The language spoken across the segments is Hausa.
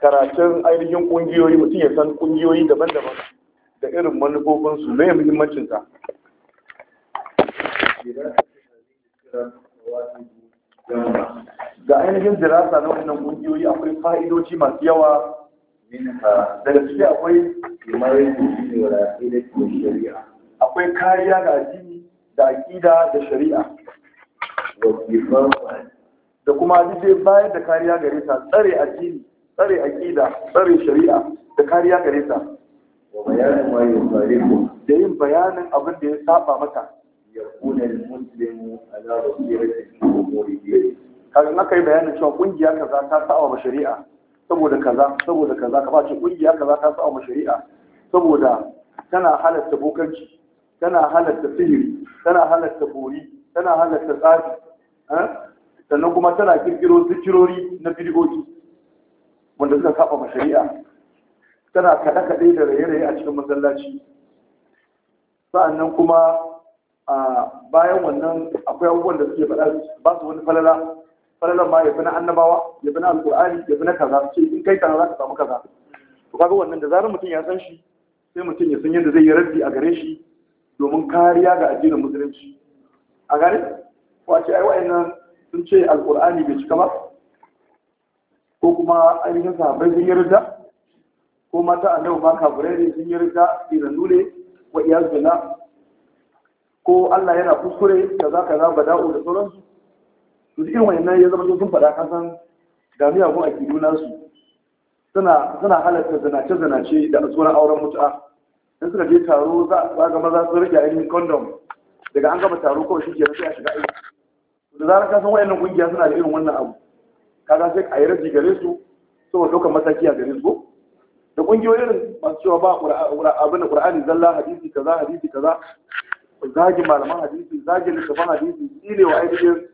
karatun ainihin ƙungiyoyi mutum ya san ƙungiyoyi daban-daban da irin manufofinsu mai muhimmancinsa. ga ainihin dirasa na wannan ƙungiyoyi akwai fa'idoci masu yawa daga ciki akwai da shari'a. akwai kariya ga addini da aƙida da shari'a da kuma duk bayar da kariya gare ta tsare addini tsare aƙida tsare shari'a da kariya gare ta da yin bayanin abin da ya saba mata yakuna al-muslimu ala basiratin fi umuri kaga na kai bayanin cewa kungiya kaza ta sa'a wa shari'a saboda kaza saboda kaza ka ba ce kungiya kaza ta sa'a wa shari'a saboda tana halatta bokanci tana halatta sihiri tana halatta bori tana halatta tsafi sannan kuma tana kirkiro zikirori na bidiyoyi wanda suka saba ma shari'a tana kaɗe-kaɗe da raye-raye a cikin masallaci sa'annan kuma bayan wannan akwai abubuwan da suke faɗa ba su wani falala falalan ma ya fi na annabawa ya fi na alƙur'ani ya fi na kaza ce in kai kaza za ka samu kaza to kaga wannan da zarar mutum ya san shi sai mutum ya san yadda zai yi rabbi a gare shi domin kariya ga addinin musulunci a gare wace ai wa'annan sun ce alƙur'ani bai cika ba ko kuma ainihin sahabbai sun yi rida ko mata annabi ma kafirai ne sun yi rida irin nule wa iyaz ko Allah yana kuskure kaza kaza bada'u da sauransu to irin wayannan ya zama sun faɗa kasan da miyagun akidu nasu suna suna halatta zanace zanace da tsoron auren mutu'a in suka je taro za a ga maza su rage ainihin condom daga an gama taro kawai shi ke sai a shiga aiki da zarar kasan san wayannan kungiya suna da irin wannan abu kaga sai a yi raji gare su saboda ɗaukar mataki a gare su da ƙungiyoyin masu cewa ba abin da ƙur'ani, zalla hadisi kaza hadisi kaza zagin malaman hadisi zagin littafan hadisi ile wa ainihin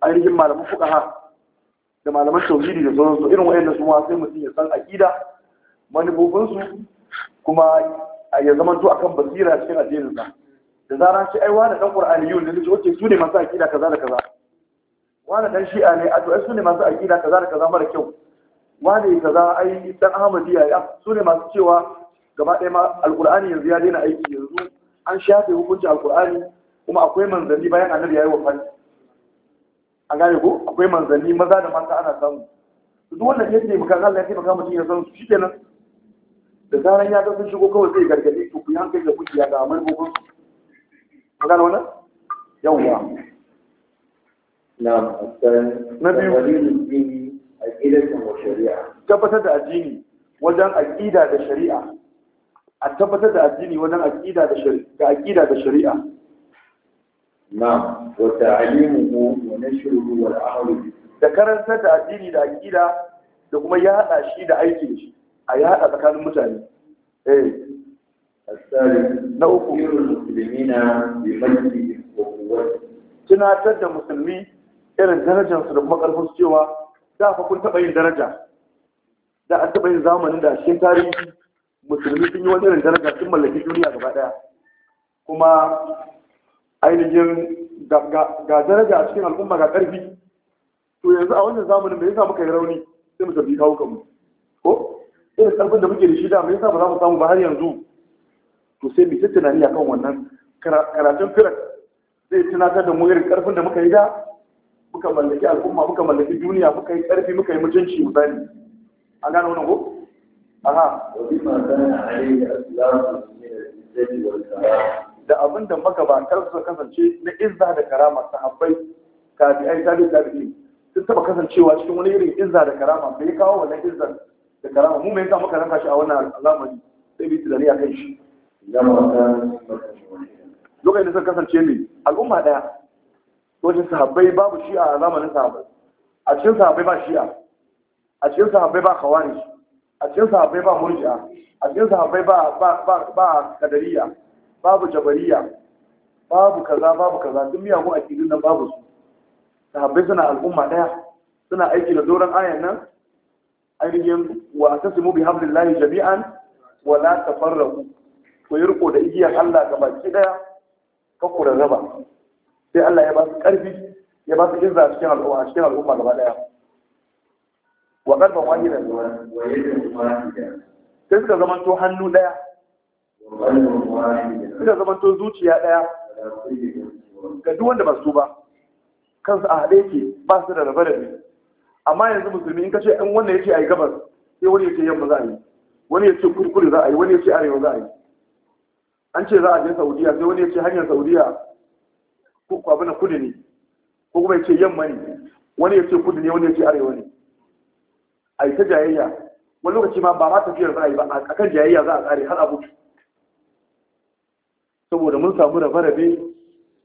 ainihin malaman ha da malaman tauhidi da sauran su. irin wayannan su ma sai mutum ya san aqida manufofinsu kuma ya zama to akan basira cikin addinin sa da zaran shi ai wani dan qur'aniyun ne ce okay su ne masu aqida kaza da kaza wani dan shi'a ne a to su ne masu aqida kaza da kaza mara kyau wani kaza ai dan ahmadiyya su ne masu cewa gaba ɗaya ma alqur'ani yanzu ya daina aiki yanzu an shafe hukunci alkur'ani kuma akwai manzanni bayan annabi ya yi wa a gane ko akwai manzanni maza da mata ana samu duk wannan ya taimaka Allah ya taimaka mutum ya san su shikenan da zaran ya ga sun shigo kawai zai gargaɗe to ku hankali da kuke ya ga amar gogon ku gane wannan yawwa na na biyu tabbatar da addini wajen aƙida da shari'a a tabbatar da addini wannan aƙida da shari'a Na wata alimu ko na'am shirin ruwa wa da karantar da addini da aƙida da kuma yada shi da aiki shi a yada tsakanin mutane eh na uku muslimina bi majdi wa quwwati tunatar da musulmi irin darajar su da kuma ƙarfin cewa da fa kun taɓa yin daraja da an taɓa yin zamanin da shi tarihi musulmi sun yi wani irin daraja sun mallaki duniya gaba daya kuma ainihin ga daraja a cikin al'umma ga ƙarfi to yanzu a wannan zamanin me yasa muka yi rauni sai mu tafi kawo mu. ko irin ƙarfin da muke da shi da me yasa ba za mu samu ba har yanzu to sai mu tunani akan wannan karatun firak zai tunatar da mu irin ƙarfin da muka yi da muka mallaki al'umma muka mallaki duniya muka yi ƙarfi muka yi mutunci misali an gane wannan ko aha wabima kana alayhi da abinda kar su kasance na izza da karama sahabbai tabi'ai tabi'i tabi'i sun taba kasancewa cikin wani irin izza da karama bai kawo wannan izza da karama mu mai yasa muka ranka shi a wannan al'amari sai bi tunani a kan shi lokacin da suka kasance ne al'umma daya wajen sahabbai babu shi'a a zamanin sahabbai a cikin sahabbai ba shi'a a cikin sahabbai ba khawarij a cikin sahabbai ba murji'a a cikin sahabbai ba ba ba kadariya babu jabariya babu kaza babu kaza duk miyagun akidun nan babu su sahabbai suna al'umma daya suna aiki da doron ayan nan ainihin wa tasimu bi hablillahi jami'an wa la tafarraqu ko yirko da igiyar Allah ga baki daya ka kura raba sai Allah ya ba su karfi ya ba su izza cikin al'umma cikin al'umma gaba daya wa ƙarfan wahidan sai suka zamanto hannu ɗaya suka zamanto zuciya ɗaya ga duk wanda ba su ba kansu a haɗe ke ba su da rabe rabe amma yanzu musulmi in ka ce in wannan ya ce a yi gabas sai wani ya ce yamma za a yi wani ya ce kurkuri za a yi wani ya ce arewa za a yi an ce za a je saudiya sai wani ya ce hanyar saudiya ko na kudu ne ko kuma ya ce yamma ne wani ya ce kudu ne wani ya ce arewa ne a yi ta jayayya wani lokaci ma ba ma tafiyar ba yi ba a kan jayayya za a tsare har a saboda mun samu rabe rabe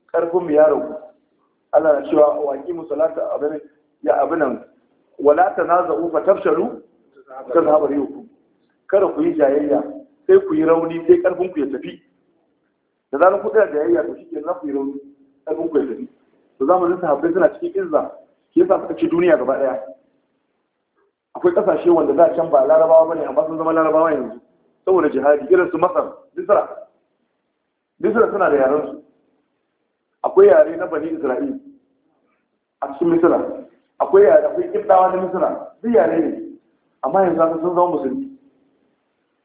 karfin mu ya rabu Allah na cewa wa aqimu salata abin ya abinan wala tanaza'u fa tafshalu tazhabu riyukum kada ku yi jayayya sai ku yi rauni sai karfin ku ya tafi da zanen ku da jayayya to ke za ku yi rauni karfin ku ya tafi to zamanin sahabbai suna cikin izza ke yasa suka ci duniya gaba ɗaya. akwai kasashe wanda za a can ba larabawa bane amma sun zama larabawa yanzu saboda jihadi irin su masar misra misra suna da yaren su akwai yare na bani isra'il a cikin misra akwai yare akwai kibdawa na misra duk yare ne amma yanzu haka sun zama musulmi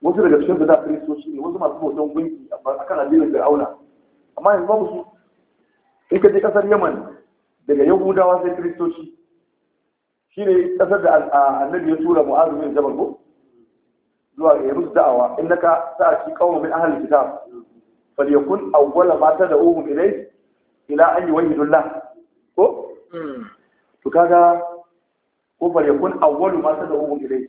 wasu daga cikin da kiristoci ne wasu masu hoton gunki a kan addinin fir'auna amma yanzu ba musu. in ka je kasar yaman daga yahudawa sai kiristoci shi ne ƙasar da annabi ya tura mu'azu mai jabal ko zuwa ga musu da'awa in naka sa ci kawo min ahalin kitab falyakun awwala ma ta da ohun ilai ila an yi wahidullah ko hmm. to kaga ko falyakun awwalu ma da ohun ilai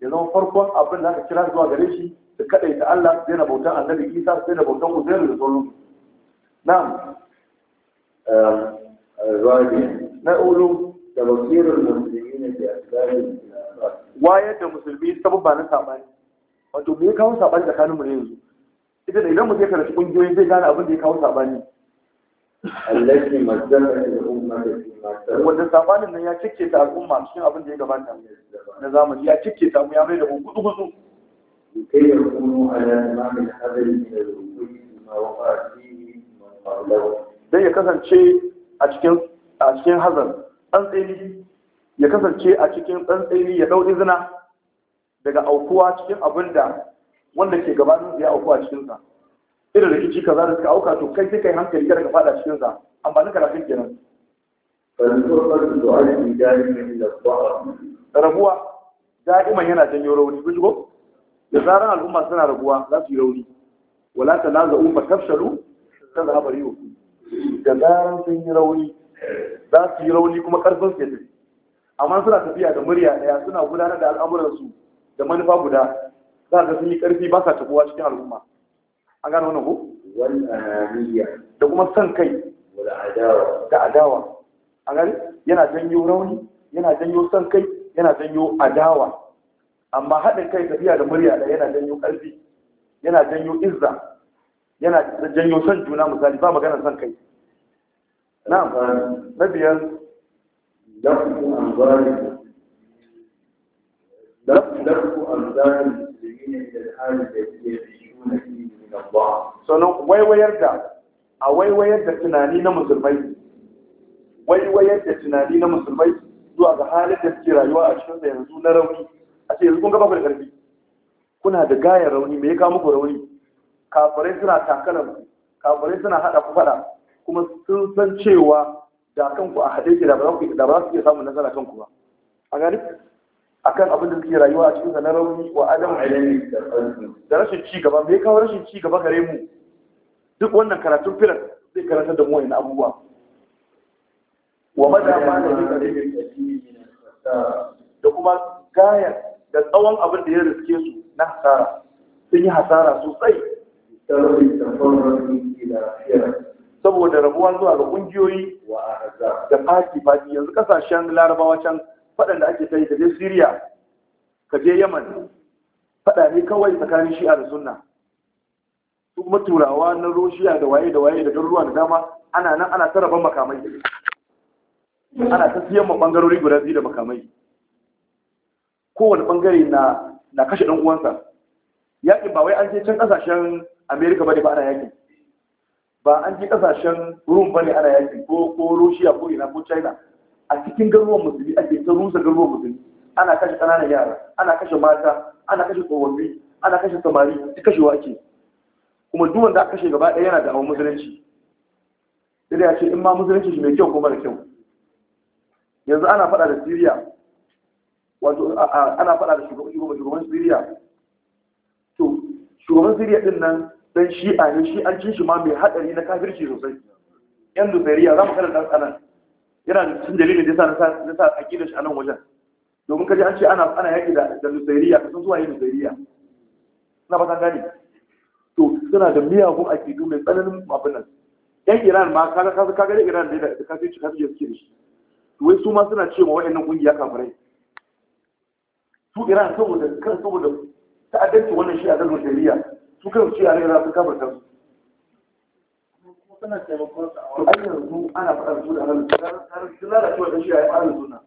ya zama farkon abin da aka kira zuwa gare shi da kadai ta Allah zai na bautan annabi Isa zai na bautan Uzairu da sauran na'am eh, eh, rabi na ulu tawakirul muslimin bi asbabil wayar da musulmi sababba na saɓani. wato me ya kawo saɓani tsakanin mu ne yanzu ita da idan mu sai karatu kungiyoyi zai gane abin da ya kawo sabani allati mazzalati al-ummah wanda sabanin nan ya cike ta al'umma cikin abin da ya gabata na zamani ya cike ta mu ya mai da mu gudu gudu kai ya kunu ala imamil hadari min al-ummah ma waqa fihi man qala dan ya kasance a cikin a cikin hazan tsantsani ya kasance a cikin tsantsani ya ɗau izina daga aukuwa cikin abin da wanda ke gabanin ya aukuwa cikinsa irin rikici kaza da suka auka to kai sai kai hankali kada ka faɗa cikinsa amma kana karatun kenan rabuwa da'iman yana janyo rauni kun shigo da zaran al'umma suna rabuwa za su yi rauni wala ta naza umma tafshalu ta zahabar yau da zaran sun yi rauni za su yi rauni kuma karfin su yadda amma suna tafiya da murya daya suna gudanar da al'amuransu da manufa guda za ga sun yi karfi ba sa tafiya cikin al'umma an gano wannan ko da kuma san kai da adawa A gane yana janyo rauni yana janyo san kai yana janyo adawa amma haɗin kai tafiya da murya da yana janyo ƙarfi yana janyo izza yana janyo son juna misali ba maganar son kai na'am na biyar tunani na musulmai zuwa ga halin da suke rayuwa a cikin da yanzu na rauni a ce yanzu kun gaba da ƙarfi? kuna da gayar rauni me ya kawo muku rauni kafirai suna takalar ku kafirai suna hada fada kuma sun san cewa da kanku a haɗe ki da ba za su iya samun nasara kanku ba a gani kan abin da suke rayuwa a cikin sa na rauni wa adam da rashin ci gaba me kawo rashin ci gaba gare mu duk wannan karatun filan zai karanta da mu wani abubuwa wa mada ma da ne da kuma gaya da tsawon abin da ya riske su na hasara sun yi hasara sosai da saboda rabuwa zuwa ga kungiyoyi da faki faki yanzu kasashen larabawa can faɗan da ake tayi kaje Syria kaje Yemen faɗa ne kawai tsakanin Shi'a da Sunna su kuma turawa na Roshiya da waye da waye da garuruwa da dama ana nan ana ta raban makamai ana ta siyan ma bangarori guda biyu da makamai kowane bangare na na kashe dan uwansa Yaƙin ba wai an je can kasashen America ba da ba ana yakin ba an ji kasashen rum bane ana yaki ko ko russia ko ina ko china a cikin garuruwan musulmi ake ta rusa garuruwan musulmi ana kashe ƙananan yara ana kashe mata ana kashe tsofaffi ana kashe samari duk kashewa ake kuma duk wanda aka kashe gaba ɗaya yana da awon musulunci sai dai a ce in ma musulunci shi mai kyau ko mara kyau yanzu ana faɗa da syria wato ana faɗa da shugaban shugaban syria to shugaban syria din nan dan a ne shi an cin ma mai haɗari na kafirci sosai yan dubariya za mu kada ɗan tsanan yana da cikin dalilin da sa na sa da shi a nan wajen domin kaji an ce ana ana yaƙi da da nusairiya kasan zuwa yin nusairiya na ba ta gane to suna da miyagun aqidu mai tsananin abin nan yan iran ma kaga ka ga iran ne da kafin ci kafin yake da shi to wai su ma suna cewa wayannan kungiya kafirai su iran saboda kan saboda ta'addanci wannan shi a da nusairiya su kan ci a rera sun kafa kansu to ai yanzu ana faɗar su da halin sun lalace wa shi a halin suna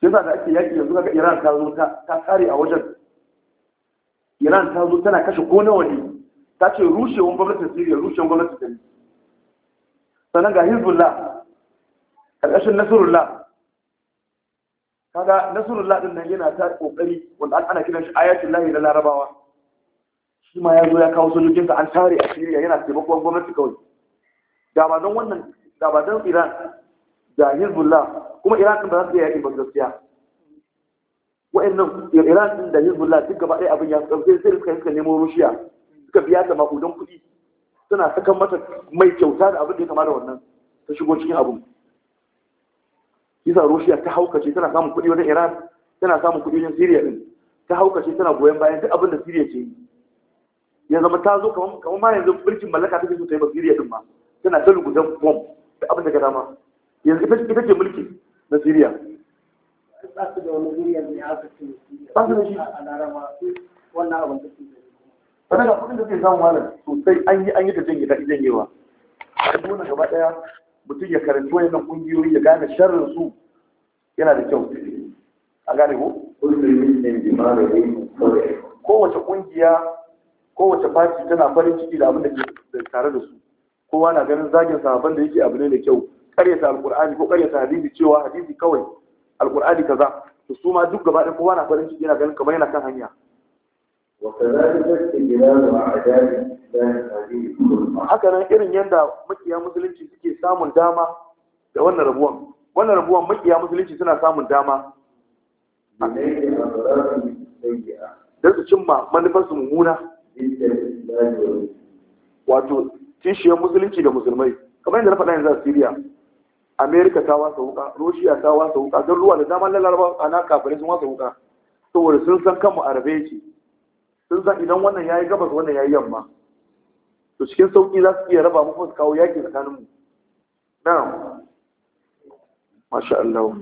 sai da ake yaƙi yanzu kaga iran ta zo ta kare a wajen iran ta zo tana kashe ko nawa ne ta ce rushewan gwamnatin siriya rushewan gwamnatin dani sannan ga hezbollah ƙarƙashin nasarullah kaga nasarullah din nan yana ta ƙoƙari, wanda ana kiran shi ayatul lahi na larabawa shi ma ya zo ya kawo sojojinsa an tare a Siriya yana taimakon gwamnati kawai da ba don wannan da ba don Iran da Hezbollah kuma Iran ɗin ba za su iya yaƙin ba gaskiya wa'annan Iran ɗin da Hezbollah duk gaba ɗaya abin ya sai sai suka suka nemo rushiya suka biya ta maƙudan kuɗi suna sakan mata mai kyauta da abin da ya kama da wannan ta shigo cikin abin isa rushiya ta haukace tana samun kuɗi wajen Iran tana samun kuɗi wajen Siriya din ta haukace tana goyon bayan duk abin da siriya ce yi ya zama ta zo kamar ma yanzu birkin mallaka take so ta yi basiriya din ma tana ta lugudan bom da abin da ka dama yanzu ita ce mulki na siriya ba su da wani wuri yanzu ya aka ce ba su da shi a larama wannan abin da suke sannan ga kudin da suke samu malam sosai an yi an yi ta janye ta janyewa a dole gaba daya mutum ya karanci wayannan kungiyoyi ya gane sharrin su yana da kyau a gane ko kowace kungiya kowace fati tana farin ciki da abin da ke tare da su kowa na ganin zagin sahabban da yake abu ne da kyau karyata alkur'ani ko karyata hadisi cewa hadisi kawai alkur'ani kaza to su ma duk gaba ɗaya kowa na farin ciki yana ganin kamar yana kan hanya haka nan irin yadda makiya musulunci suke samun dama da wannan rabuwan wannan rabuwan makiya musulunci suna samun dama da su cimma manufarsu mummuna wato kishiyar musulunci da musulmai kamar yadda na faɗa yanzu a Syria Amerika ta wasa wuka Russia ta wasa wuka don ruwa da dama na Laraba ana kafirai sun wasa wuka saboda sun san kanmu arabe yake sun san idan wannan ya yi gabas wannan ya yi yamma to cikin sauƙi za su iya raba mu kuma su kawo yaƙi tsakaninmu na'am masha Allah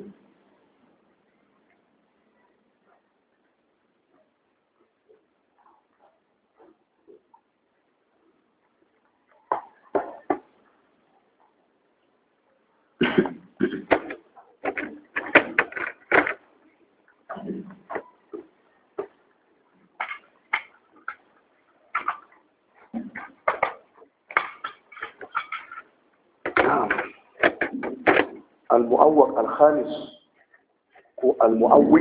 المؤوق الخامس هو المؤوق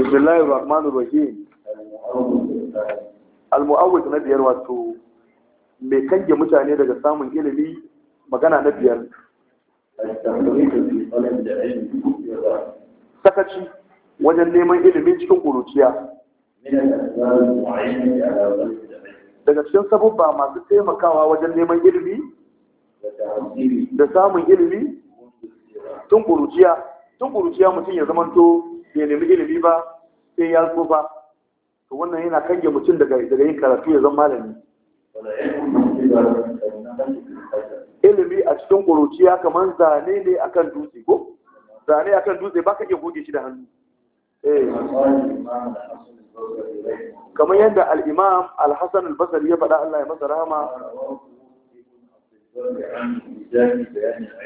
بسم الله الرحمن الرحيم المؤوق نبيار واتو mai kange mutane daga samun ilimi magana na biyar sakaci wajen neman ilimin cikin ƙuruciya daga cikin sabubba masu taimakawa wajen neman ilimi da samun ilimi tun ƙuruciya tun ƙuruciya mutum ya zamanto bai nemi ilimi ba sai ya ba to wannan yana kange mutum daga yin karatu ya zama malami ilimi a cikin ƙuruciya kamar zane ne akan dutse ko zane akan dutse ba kake goge shi da hannu eh. kamar yadda al'imam al-hassan al ya faɗa Allah ya masa rahama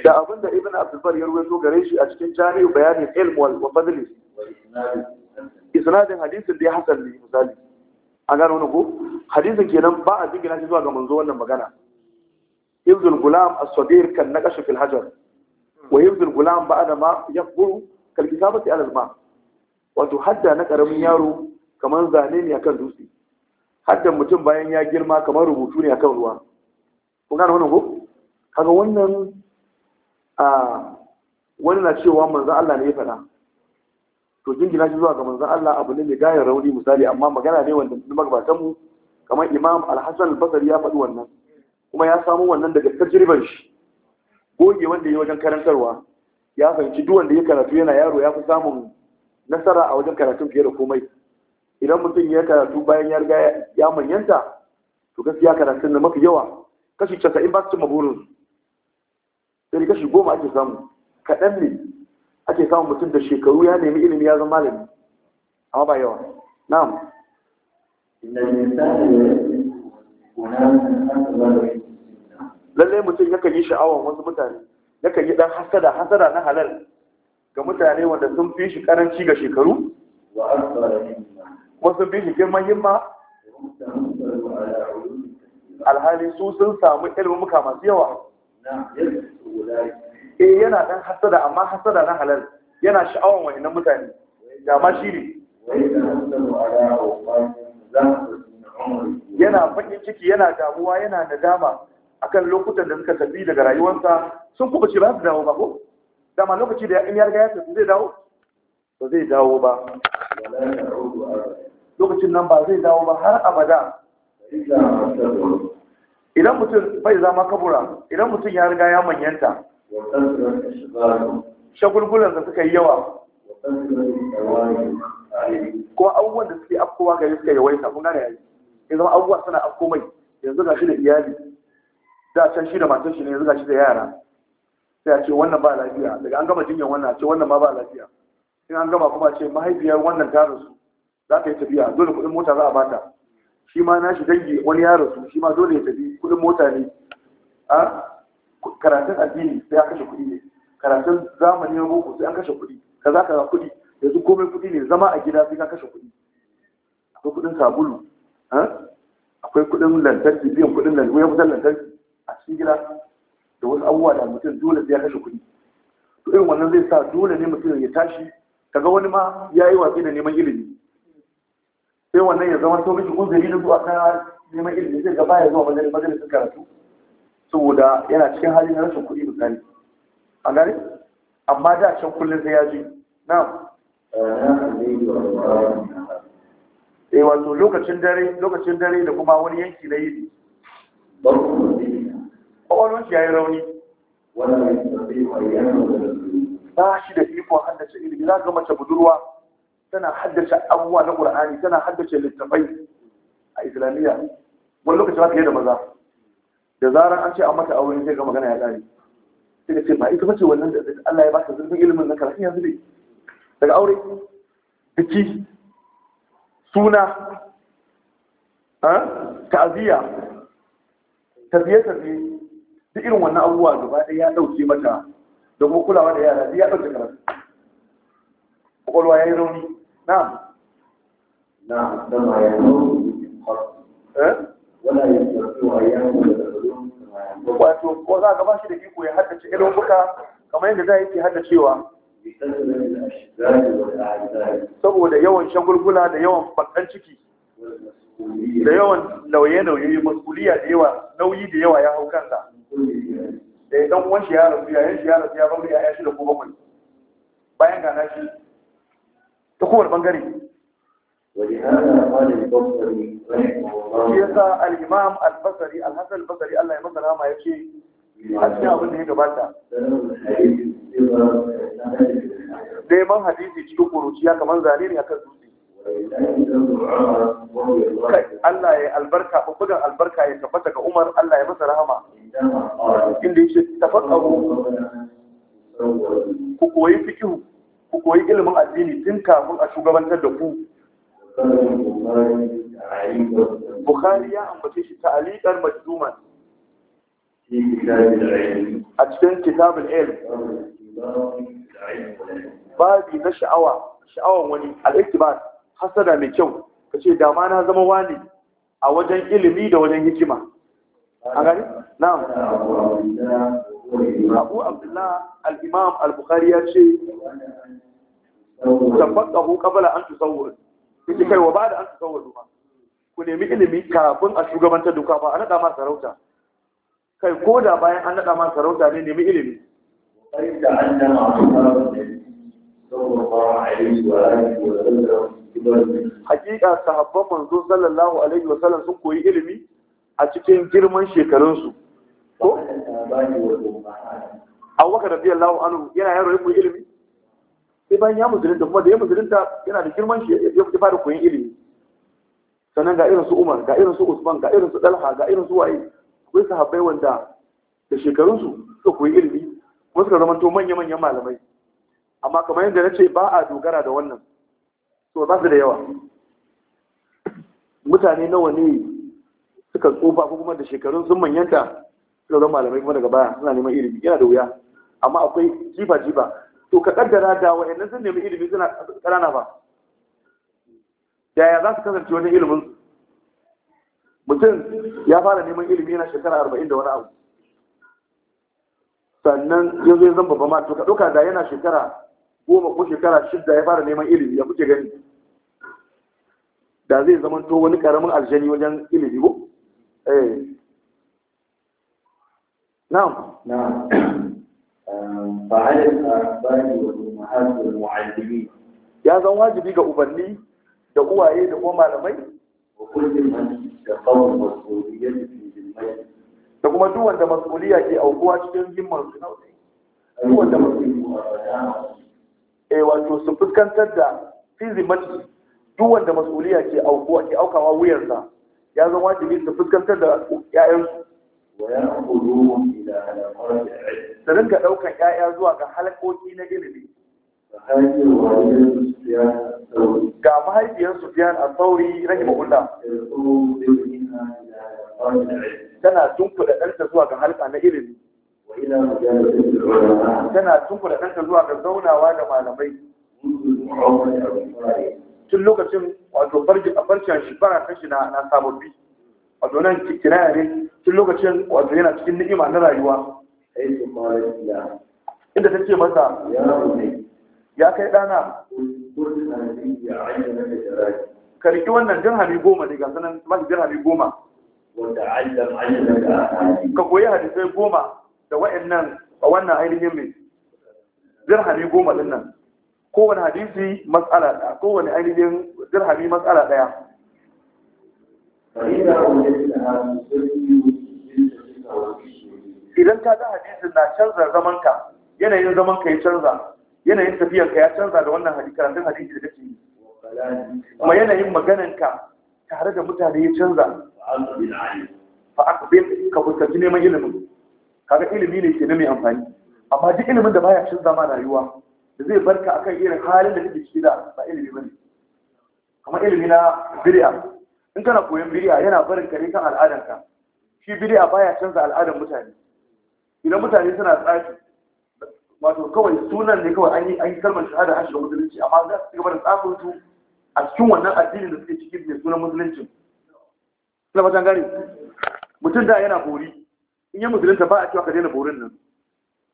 da abin da ibn abdulbar ya ruwaito gare shi a cikin jami'u bayanin ilm wa fadli isnadin hadisin da ya hasan ne misali an gano wani ko hadisin kenan ba a jingina shi zuwa ga manzo wannan magana ibn gulam as-sadir kan naqash fil hajar wa ibn gulam ba'da ma yaqburu kal kitabati ala al-ma wato hadda na karamin yaro kamar zane ne akan dutse hadda mutum bayan ya girma kamar rubutu ne akan ruwa kun gano wani ko kaga wannan a wani na cewa manzan Allah ne ya faɗa to jingina shi zuwa ga manzan Allah abu ne mai gayar rauni misali amma magana ne wanda magabatan mu kamar imam Alhassan hassan ya faɗi wannan kuma ya samu wannan daga tajriban shi goge wanda ya wajen karantarwa ya fahimci duk wanda ya karatu yana yaro ya fi samun nasara a wajen karatun fiye da komai idan mutum ya karatu bayan ya riga ya manyanta to gaskiya karatun na mafi yawa kashi casa'in ba su cimma burin sai kashi goma ake samu kaɗan ne ake samun mutum da shekaru ya nemi ilimi ya zama malami amma ba yawa na'am lallai mutum yakan yi sha'awan wasu mutane yakan yi ɗan hasada hasada na halal ga mutane wanda sun fi shi karanci ga shekaru kuma sun fi shi girman himma alhali su sun samu ilimin muka masu yawa eh yana dan hasada amma hasada na halal yana sha'awan wayannan mutane da ma shi ne yana bakin ciki yana damuwa yana nadama akan lokutan da suka tafi daga rayuwarsa sun kuma ce ba su dawo ba ko dama lokaci da in ya riga ya tafi zai dawo ba zai dawo ba lokacin nan ba zai dawo ba har abada idan mutum bai zama kabura idan mutum ya riga ya manyanta shagulgulan da suka yi yawa ko abubuwan da suke afkowa gari suka yawaita kun gane yayi ya zama abubuwa suna afko mai yanzu ga shi da iyali da can shi da matan shi ne yanzu ga shi da yara sai a ce wannan ba lafiya daga an gama jinyar wannan a ce wannan ma ba lafiya in an gama kuma ce mahaifiyar wannan ta rasu za ka yi tafiya dole kuɗin mota za a bata shi ma na shi dangi wani ya rasu shi ma dole ya tafi kudin mota ne a karatun addini sai an kashe kuɗi ne karatun zamani na boko sai an kashe kuɗi ka ga kuɗi yanzu komai kuɗi ne zama a gida sai ka kashe kuɗi akwai kuɗin sabulu akwai kuɗin lantarki biyan kuɗin lantarki ya kudin lantarki a cikin gida da wasu abubuwa da mutum dole sai ya kashe kuɗi to irin wannan zai sa dole ne mutum ya tashi kaga wani ma ya yi watsi da neman ilimi sai wannan ya zama to miki uzuri da zuwa kan neman ilimi zai gaba ya zuwa majalisar karatu saboda yana cikin hali na rashin kuɗi misali a gari amma da can kullum sai ya ji na e eh, wato lokacin dare lokacin dare da kuma wani yanki na yini ƙwaƙwalwar shi ya yi rauni ba shi da ikon haddace ilimi za ga ta budurwa tana haddace abubuwa na qur'ani tana haddace littafai a islamiyya wani lokaci ba fiye da maza da zarar an ce an mata aure sai ga magana ya ƙare sai ka ce ba ita bace wannan da Allah ya ba ta zurfin ilimin na karatun yanzu ne daga aure biki suna ta'aziyya tafiye-tafiye duk irin wannan abubuwa gaba ɗaya ya ɗauke mata da kuma kulawa da yara ya ɗauke karatu ƙwaƙwalwa ya yi rauni نعم نعم كما يقول ولا يستطيع أن wato ko za ka ba shi da iko ya haddace irin buka kamar yadda za yake haddacewa saboda yawan shagulgula da yawan bakan ciki da yawan lauye-lauye, masuliya da yawa nauyi da yawa ya hau kansa da ya ɗan uwan shi ya rasu ya shi ya rasu ya bambu ya shi da kuma bakwai bayan gana shi ta kowane ɓangare. yasa ya imam al-basri al-hasan al-basri Allah ya masa rahama yace a cikin abin da ya gabata neman hadisi cikin kuruciya kamar zariri akan dutse Allah ya albarka bugan albarka ya tabbata ga Umar Allah ya masa rahama inda yake tafakkaru ku koyi fikihu ku koyi ilimin addini tun kafin a shugabantar da ku Bukhari ya ambace shi ta aliƙar Majduman a cikin kitabin ilm babi na sha'awa sha'awan wani al'aiki ba hasada mai kyau kace ce dama na zama wani a wajen ilimi da wajen hikima a gani na'am abu abdullah al-imam al-bukhari ya ce tafaqahu qabla an tusawwir kike kai wa ba da an tusawwir ma ku nemi ilimi kafin a shugabantar duka ba a nada ma sarauta kai ko da bayan an nada ma sarauta ne nemi ilimi hakika sahabban manzo sallallahu alaihi wa sallam sun koyi ilimi a cikin girman shekarunsu ko abubakar radiyallahu anhu yana yaro ya yin ilimi sai bayan ya musulunta kuma da ya musulunta yana da girman shi ya fi fara koyon ilimi sannan ga irin su umar ga irin su usman ga irin su dalha ga irin su waye akwai sahabbai wanda da shekarunsu suka koyi ilimi kuma suka zama to manya-manyan malamai amma kamar yadda na ce ba a dogara da wannan so ba su da yawa mutane nawa ne suka tsufa ko kuma da shekarun sun manyanta suka zama malamai kuma daga baya suna neman ilimi yana da wuya amma akwai jifa-jifa to ka kaddara da wa'annan sun nemi ilimi suna ƙanana ba yaya za su kasance wajen ilimin mutum ya fara neman ilimi yana shekara arba'in da wani abu sannan ya zo ya zan babba ma to ka ɗauka da yana shekara goma ko shekara shidda ya fara neman ilimi ya kuke gani da zai zama to wani ƙaramin aljani wajen ilimi ko eh na'am na'am Ehm, ya zan wajibi ga ubanni da uwaye da kuma malamai da kuma duk wanda mas'uliya ke aukuwa cikin himmar su nau'i duk wanda ke eh, wato su fuskantar da fizimati duk wanda mas'uliya ke aukuwa ke aukawa wuyarsa ya zan wajibi su fuskantar da ƴaƴansu Sarinka ɗaukar 'ya'ya zuwa ga halakoki na ilimi ga mahaifiyar Sufiyan a sauri rage mahulla tana tunkuda ɗanta zuwa ga halka na ilimi tana tunkuda ɗanta zuwa ga zaunawa da malamai tun lokacin wato a barcin shi bara kashi na sababbi wato nan kiraya ne cikin lokacin wanda yana cikin ni'ima na rayuwa inda ta ce masa ya kai ɗana karki wannan dirhami goma daga sanan masu dirhami goma ka koyi hadisai goma da wa'annan a wannan ainihin mai dirhami goma din nan kowane hadisi matsala ɗaya kowane ainihin dirhami matsala ɗaya idan ka ga hadisin na canza zaman ka yanayin zaman ka ya canza yanayin tafiyar ka ya canza da wannan hadisi hadisi da kake yi kuma yanayin maganan ka tare da mutane ya canza fa aqbil ka fuskanci neman ilimin kaga ilimi ne ke na mai amfani amma duk ilimin da baya canza ma rayuwa da zai barka akan irin halin da kake ciki da ba ilimi bane kamar ilimi na biriya, in kana koyon biriya yana barin ka ne kan al'adanka shi a baya canza al'adar mutane idan mutane suna tsafi wato kawai sunan ne kawai an yi an yi kalmar shahada a shiga musulunci amma za su gaba da tsafin a cikin wannan addinin da suke cikin mai sunan musulunci suna fatan gane mutum da yana bori in yi musulunta ba a cewa ka daina borin nan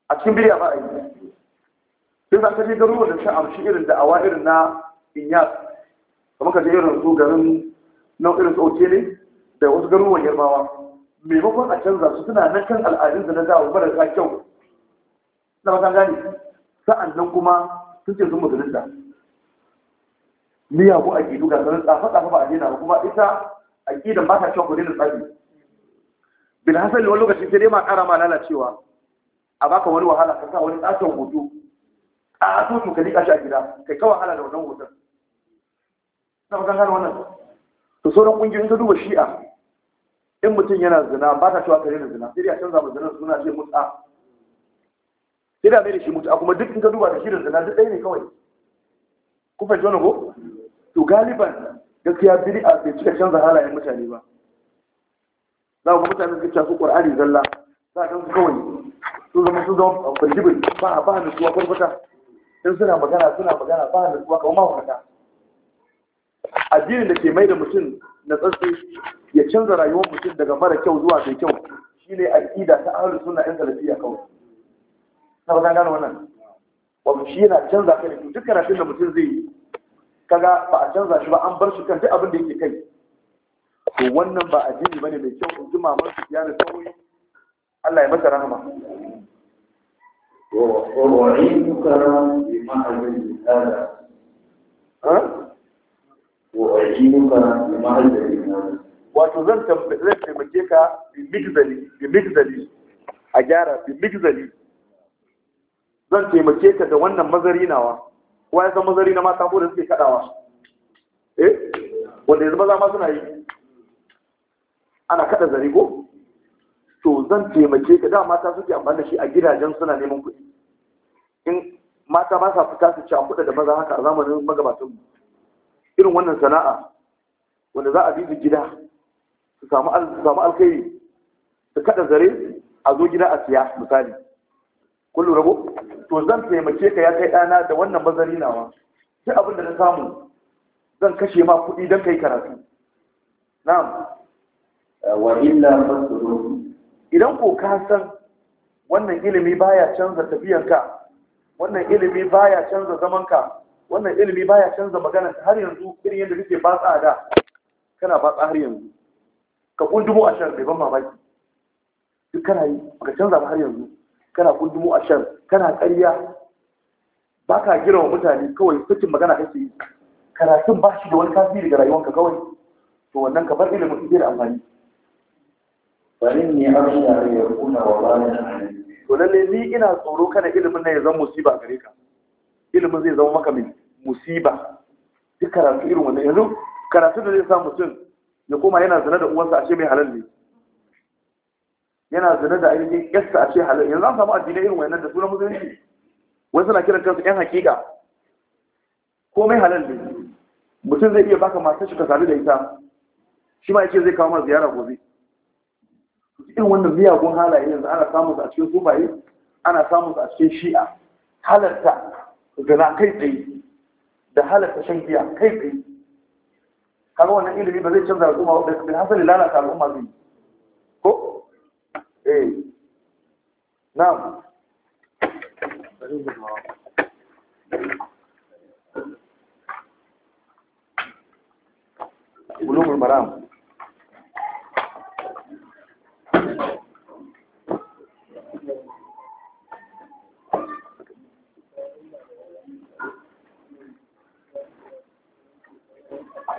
a cikin bid'a ba a yi sai za ka je garuruwan da ta amshi irin da awa irin na inyar, kamar ka je irin su garin nau'in su ne da wasu garuruwan yarbawa maimakon a canza su suna nan kan al'adun da na dawo marasa kyau na wata gane sa'an nan kuma sun ce sun musulunta miyagu a gidu ga sanar tsafa tsafa ba a daina ba kuma ita a gidan ba ta kyau ku daina tsafi bin hasan wani lokaci sai dai ma kara ma lalacewa a baka wani wahala ka sa wani tsafin hoto a to ka liƙa shi a gida kai ka wahala da wannan hoton na matan gane wannan to sauran kungiyoyin ta duba shi'a in mutum yana zina ba ta cewa kare da zina sai ya canza mu zina suna ce mutsa sai da mai da shi mut'a kuma duk in ka duba da shi da zina duk ɗaya ne kawai ku fahimci wani ko to galiban gaskiya a bai cika canza halayen mutane ba za ku mutane cika su qur'ani zalla za ka su kawai su zama su zama fajibin ba ba ni suwa kwatkwata in suna magana suna magana ba ni suwa kawai ma wata addinin da ke mai da mutum na tsatsi ya canza rayuwar mutum daga mara kyau zuwa mai kyau shi a ƙida ta ahlus suna 'yan salafiyya kawai ta ba gano wannan mu shi yana canza kai duk karatun da mutum zai yi kaga ba a canza shi ba an bar shi kan duk abin da yake kai to wannan ba a jini bane mai kyau in ji mamar su ya sauri. Allah ya masa rahama وأعيدك بمعرض هذا وأعيدك بمعرض هذا wato zan taimake ka bi migzali a gyara bi migzali zan taimake ka da wannan mazari nawa kuma ya san mazari na mata ko da suke kadawa eh wanda yanzu maza ma suna yi ana kada zari ko to zan taimake ka da mata suke amfani da shi a gidajen suna neman kuɗi in mata ba sa fita su ci a kuɗa da maza haka a zamanin magabatanmu irin wannan sana'a wanda za a bi gida su samu alkai su kada zare a zo gida a siya misali kun rabo to zan taimake ka ya kai ɗana da wannan mazari nawa sai abin da na samu zan kashe ma kuɗi don kai karatu na'am wa illa fasuru idan ko ka san wannan ilimi baya canza tafiyanka wannan ilimi baya canza zamanka wannan ilimi baya canza maganarka har yanzu irin yadda kake ba tsada kana ba har yanzu ka kundumo a shan bai ban mamaki duk kana yi baka canza ba har yanzu kana kundumo a shan, kana ƙarya ba ka girma mutane kawai sakin magana kake yi karatun ba shi da wani tasiri ga rayuwanka kawai to wannan ka bar ilimin zai da amfani bari ne har shi ya ya kuna wa bayan to lalle ni ina tsoro kana ilimin na ya zama musiba gare ka ilimin zai zama maka mai musiba duk karatu irin wannan yanzu karatu da zai sa mutum ya koma yana zina da uwansa a ce mai halal ne yana zina da ainihin yasta a ce halal yanzu an samu addinai irin wayannan da sunan musulunci wai suna kiran kansu yan hakika mai halal ne mutum zai iya baka masu shi ka sadu da ita shi ma yake zai kawo mana ziyara gobe irin wannan miyagun halaye yanzu ana samun su a cikin sufaye ana samun su a cikin shi'a halarta zina kai tsaye da halarta shan giya kai tsaye kaga wannan ilimi ba zai canza al'umma ba bin hasali lalata al'umma zai ko eh na'am ulumul maram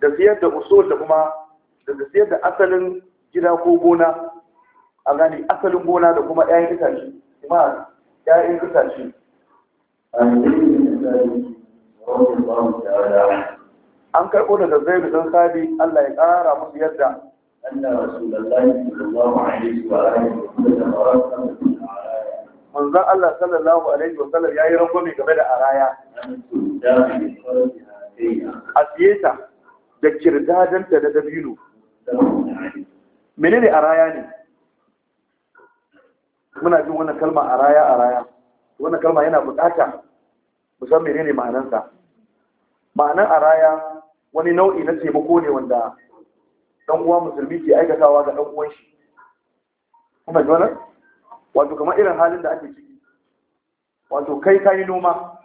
da siyar da usul da kuma da siyar da asalin gida ko gona a gani asalin gona da kuma 'ya'yan itace kuma 'ya'yan itace an karɓo daga zai da sabi Allah ya ƙara musu yadda manzan Allah sallallahu alaihi wasallam ya yi rangwame game da araya a siye ta da kirdadanta da dabino menene a raya ne muna jin wannan kalma a raya a raya wannan kalma yana bukata musan menene ma'anansa ma'anan a raya wani nau'i na taimako ne wanda dan uwa musulmi ke aikatawa ga dan uwan shi kuma ji wato kamar irin halin da ake ciki wato kai yi noma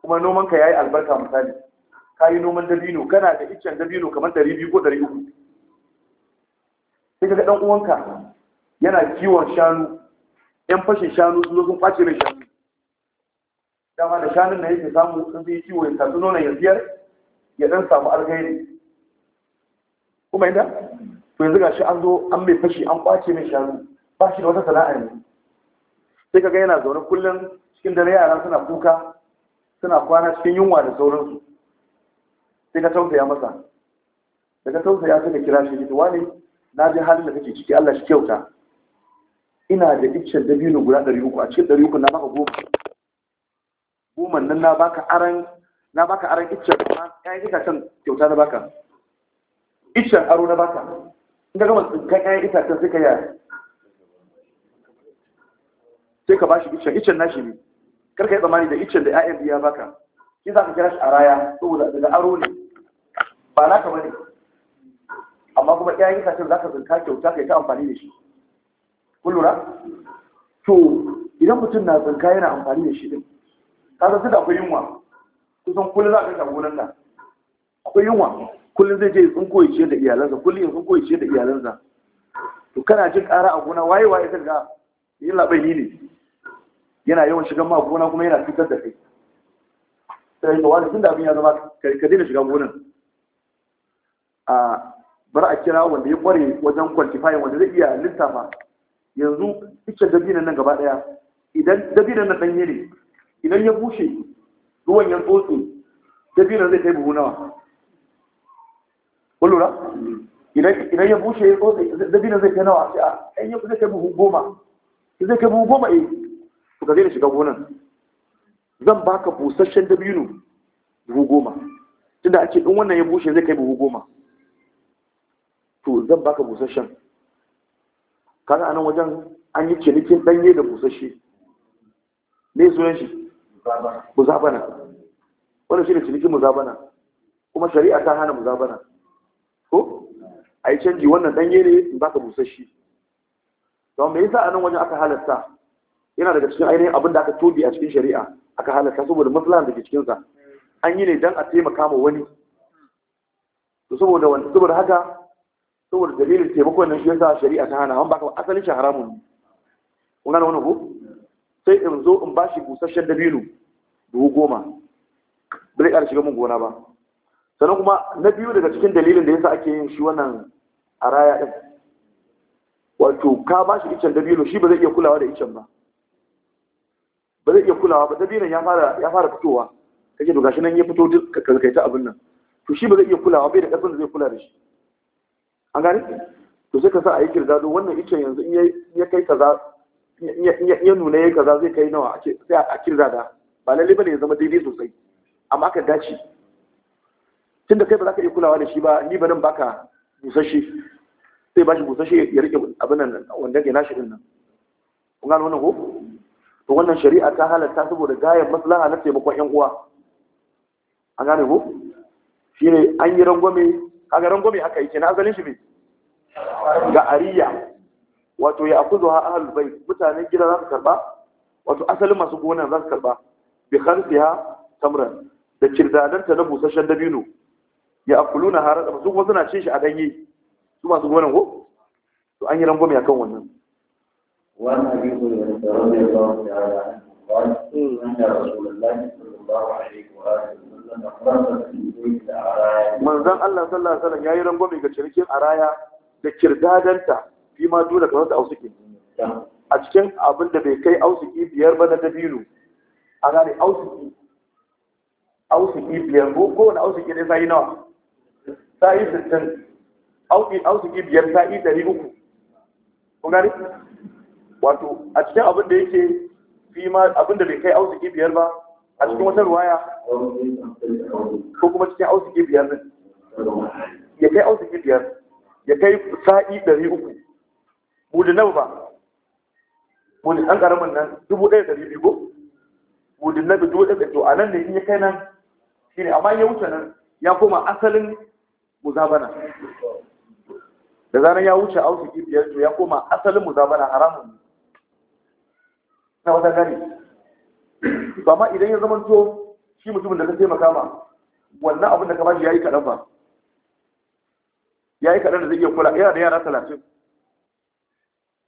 kuma noman ka yayi albarka misali ka yi noman dabino kana da iccen dabino kamar ɗari biyu ko ɗari uku sai ka ɗan uwanka yana kiwon shanu yan fashin shanu sun zo sun kwace mai shanu dama da shanun na yake samu sun yi kiwo ya tatsu nonon ya siyar ya ɗan samu alkhairi kuma yadda to yanzu shi an zo an mai fashi an kwace mai shanu ba shi da wata sana'a ne sai ka ga yana zaune kullum cikin dare yara suna kuka suna kwana cikin yunwa da sauransu sai ka tausaya masa da ka tausaya sai ka kira shi ki wani na ji halin da kake ciki Allah shi kyauta ina da iccen dabino guda ɗari uku a cikin ɗari uku na baka goma goma nan na baka aran na baka aran iccen amma kayan itacen kyauta na baka iccen aro na baka in ka gama tsinkan kayan itacen sai ka yaya sai ka bashi iccen iccen nashi ne karka yi tsammani da iccen da 'ya'yan biya baka shi za ka kira shi a raya saboda daga aro ne ba naka bane amma kuma ƴaƴan itacen za ka zinka kyauta ka yi ta amfani da shi kun lura to idan mutum na zinka yana amfani da shi din ka san su da akwai yunwa kusan kullum za ka ta gonan da akwai yunwa kullum zai je sun koyi ya ciyar da iyalansa kullum ya sun koyi ciyar da iyalansa to kana jin ƙara a gona waye waye kan ga yin labai ne yana yawan shigan ma gona kuma yana fitar da kai sai ka wani tun da abin ya zama ka daina shiga gonan a bar a kira wanda ya kware wajen kwantifayin wanda zai iya lissafa yanzu ita dabinan nan gaba daya idan dabinan nan danye ne idan ya bushe ruwan ya tsotse dabinan zai kai buhu nawa kun lura idan ya bushe ya tsotse dabinan zai kai nawa sai a ɗan yanku zai kai buhu goma zai kai buhu goma eh to ka zai da shiga gonan zan baka busasshen dabino buhu goma tunda ake ɗin wannan ya bushe zai kai buhu goma zan baka busasshen kaga anan wajen an yi cinikin danye da busasshe me sunan shi muzabana wannan shi ne cinikin muzabana kuma shari'a ta hana muzabana ko a yi canji wannan danye ne in baka busasshe don me yasa anan wajen aka halatta yana daga cikin ainihin abin da aka tobi a cikin shari'a aka halatta saboda maslahar da ke cikinsa an yi ne don a taimaka ma wani saboda haka saboda dalilin taimakon nan shi yasa shari'a ta hana an baka ba asalin shi haramun ne kun gane wani ko sai in zo in bashi busasshen dabino dubu goma zai ƙara shiga mun gona ba sannan kuma na biyu daga cikin dalilin da yasa ake yin shi wannan a raya ɗin wato ka bashi iccen icen dabino shi ba zai iya kulawa da icen ba ba zai iya kulawa ba dabinon ya fara ya fara fitowa kake to gashi nan ya fito duk ka kai ta abin nan to shi ba zai iya kulawa bai da ƙarfin da zai kula da shi an gane to sai ka sa a yi kirga don wannan icen yanzu in ya kai za ya nuna ya kaza zai kai nawa sai a kirga da ba lalle bane ya zama daidai sosai amma ka dace tunda kai ba za ka iya kulawa da shi ba ni ba nan baka busasshe sai ba shi busasshe ya rike abin nan wanda ke nashi din nan kun gano wannan ko to wannan shari'a ta halatta saboda gayar maslaha na taimakon yan uwa an gane ko shine an yi rangwame kaga rangwame aka yi kenan asalin shi ne ga ariya wato ya akuzu ha ahlul bait mutanen gida za su karba wato asalin masu gonan za su karba bi kharsiha tamran da kirdadanta na busasshen dabino ya akuluna har da su kuma suna cin shi a danye su masu gonan ko to an yi rangwame akan wannan wannan hadisi ne da Allahu ta'ala manzan Allah sallallahu Alaihi wasallam ya yi rangwame ga cinikin araya da kirdadanta fi ma dole ka zata ausuki a cikin abin da bai kai ausuki biyar ba na dabino a gane ausuki ausuki biyar ko kowane ausuki ne sa'i nawa sa'i sittin ausuki biyar sa'i ɗari uku kun gane wato a cikin abin da yake fi ma abin da bai kai ausuki biyar ba a cikin wata ruwaya ko kuma cikin ausuki biyar ne ya kai ausuki biyar ya kai sa'i ɗari uku mudin nawa ba mudin ɗan ƙaramin nan dubu ɗaya ɗari biyu ko mudin nabi dubu ɗaya ɗari to a nan ne in ya kai nan shi ne amma ya wuce nan ya koma asalin muzabana da zanen ya wuce auki biyar to ya koma asalin muzabana haramun na wata gani ba ma idan ya zama to shi mutumin da ka taimaka ma wannan abin da ka ba shi ya yi kaɗan ba ya yi kaɗan da zai iya kula yana da yara talatin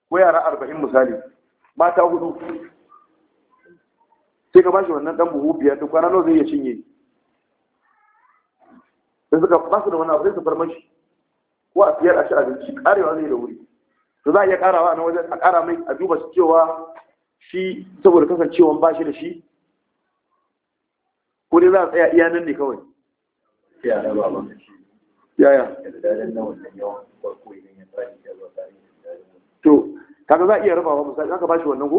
ko yara arba'in misali mata hudu sai ka bashi wannan dan buhu biyar duk kwana nawa zai iya cinye da suka basu da wani abu zai su farmashi ko a siyar a shi abinci karewa zai da wuri to za a iya karawa a nan wajen a kara mai a duba cewa shi saboda kasancewan ba shi da shi ko dai za a tsaya iya nan ne kawai yaya to kaga za a iya rabawa misali aka bashi wannan ko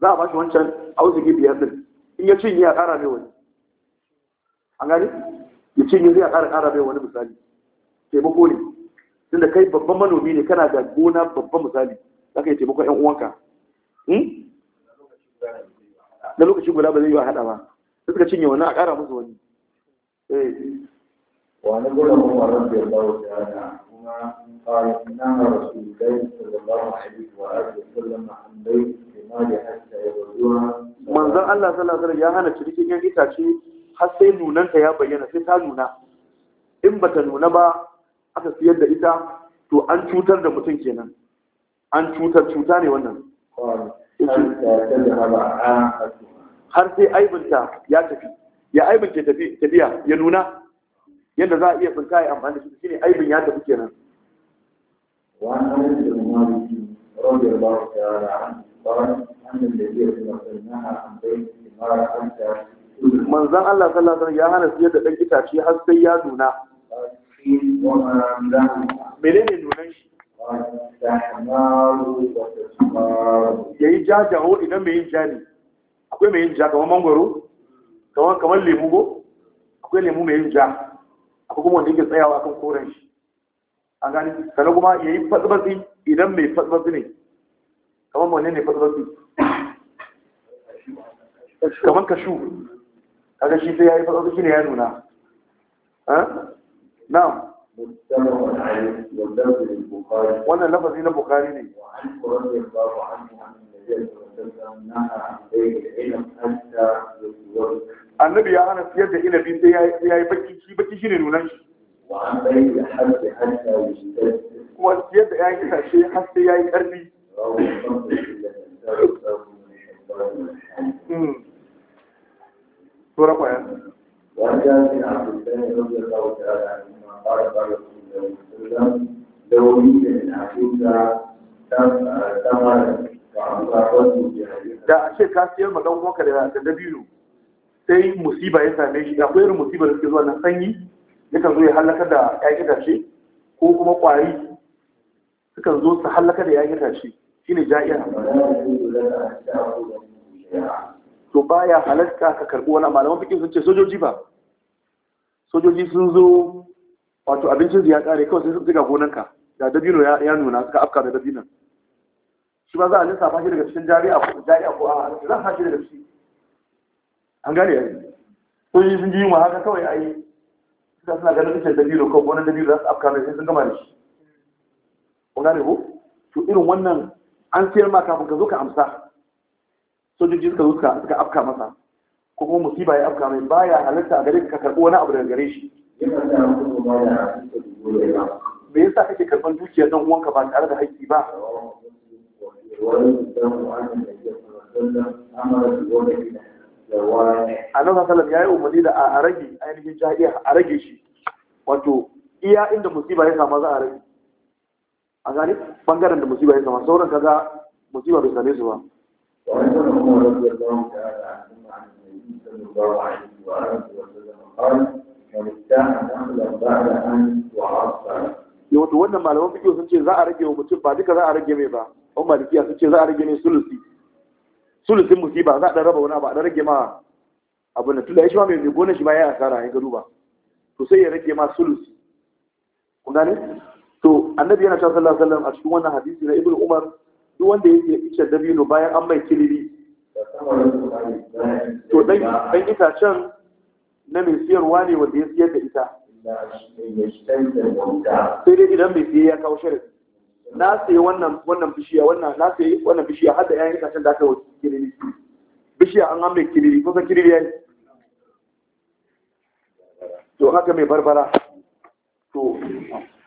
za a bashi wancan auziki biyar din in ya cinye ya ƙara mai wani an gani ya cinye zai ƙara ƙara mai wani misali taimako ne tunda kai babban manomi ne kana da gona babban misali za ka yi taimakon yan uwanka hmm? na lokaci guda ba zai yi wa haɗa ba suka cinye wani a ƙara musu wani eh. Wani gudun وعن ابن عمر رضي الله تعالى عنهما قال نهى رسول الله صلى الله عليه واله وسلم عن da الثمار حتى يبلغها manzon Allah sallallahu alaihi wasallam ya hana cinikin yan itace har sai nunanta ya bayyana sai ta nuna in bata nuna ba aka siyar da ita to an cutar da mutum kenan an cutar cuta ne wannan har sai aibinta ya tafi ya aibinta tafiya ya nuna yadda za a iya tsinka ya amfani da shi shine aibin ya tafi kenan manzan Allah sallallahu alaihi ya hana siyar da ɗan itace har sai ya nuna menene nunan shi ya yi jajawo idan mai yin ja ne akwai mai yin ja kamar mangwaro kamar lemu go akwai lemu mai yin ja akwai kuma wanda yake tsayawa kan koren shi an gani sannan kuma ya yi fatsibatsi idan mai fatsibatsi ne kamar wanne ne fatsibatsi kamar kashu kaga shi sai ya yi fatsibatsi shi ne ya nuna eh? Na. wannan lafazi na bukari ne النبي ya hana siyar da inabi يا ya yi baki shi baki shi ne nunan shi kuma siyar da yayin itace har sai ya yi عبد الله رضي الله تعالى عنهما قال قال رسول الله صلى الله عليه وسلم لو اريد ان اعطيك ثمرا فعمر رجل بهديك. لا شيء كان سيما لو موكل الى الدبيل. sai musiba ya same shi akwai irin musiba da suke zuwa na sanyi yakan zo ya halaka da ƴaƴan tashe ko kuma ƙwari sukan zo su halaka da ƴaƴan itace shine ja'iya to ya halatta ka karɓi wani malaman da sun ce sojoji ba sojoji sun zo wato abincin su ya ƙare kawai sai sun gonan gonanka da dabino ya nuna suka afka da dabinon shi ba za a lissafa shi daga cikin jari'a ko jari'a ko a za a shi daga cikin an gane yi. sun yi sun ji yunwa haka kawai ai suka suna ganin tushen dabino kawai wannan dabino za su afka mai sai sun gama da shi kun gane ko to irin wannan an sayar ma kafin ka zo ka amsa sojoji suka zo suka afka masa ko kuma musiba ya afka mai baya halitta a gare ka karɓi wani abu daga gare shi me yasa kake karɓar dukiyar dan uwanka ba tare da haƙƙi ba wani annabi sallallahu ya yi umarni da a rage ainihin jahiliya a rage shi wato iya inda musiba ya kama za a rage a gani bangaren da musiba ya kama sauran kaga musiba bai same su ba wato wannan malaman fiƙo sun ce za a rage wa mutum ba duka za a rage mai ba wani malikiya sun ce za a rage mai sulusi sulusin musiba za a ɗan raba wani abu a ɗan rage ma abin da tula ya shi ma mai gona shi ma ya asara ya gado ba. to sai ya rage ma sulusi kun gane to annabi yana cewa sallallahu alaihi wasallam a cikin wannan hadisi na ibnu umar duk wanda yake ice dabino bayan an mai kilili to dan dan can na mai siyarwa ne wanda ya siyar da ita sai dai idan mai siya ya kawo sharadi na sayi wannan wannan bishiya wannan na sai wannan bishiya har da 'ya'yan itacen da aka wuce kiriri bishiya an an mai kiriri kusa kiriri ya yi to haka mai barbara to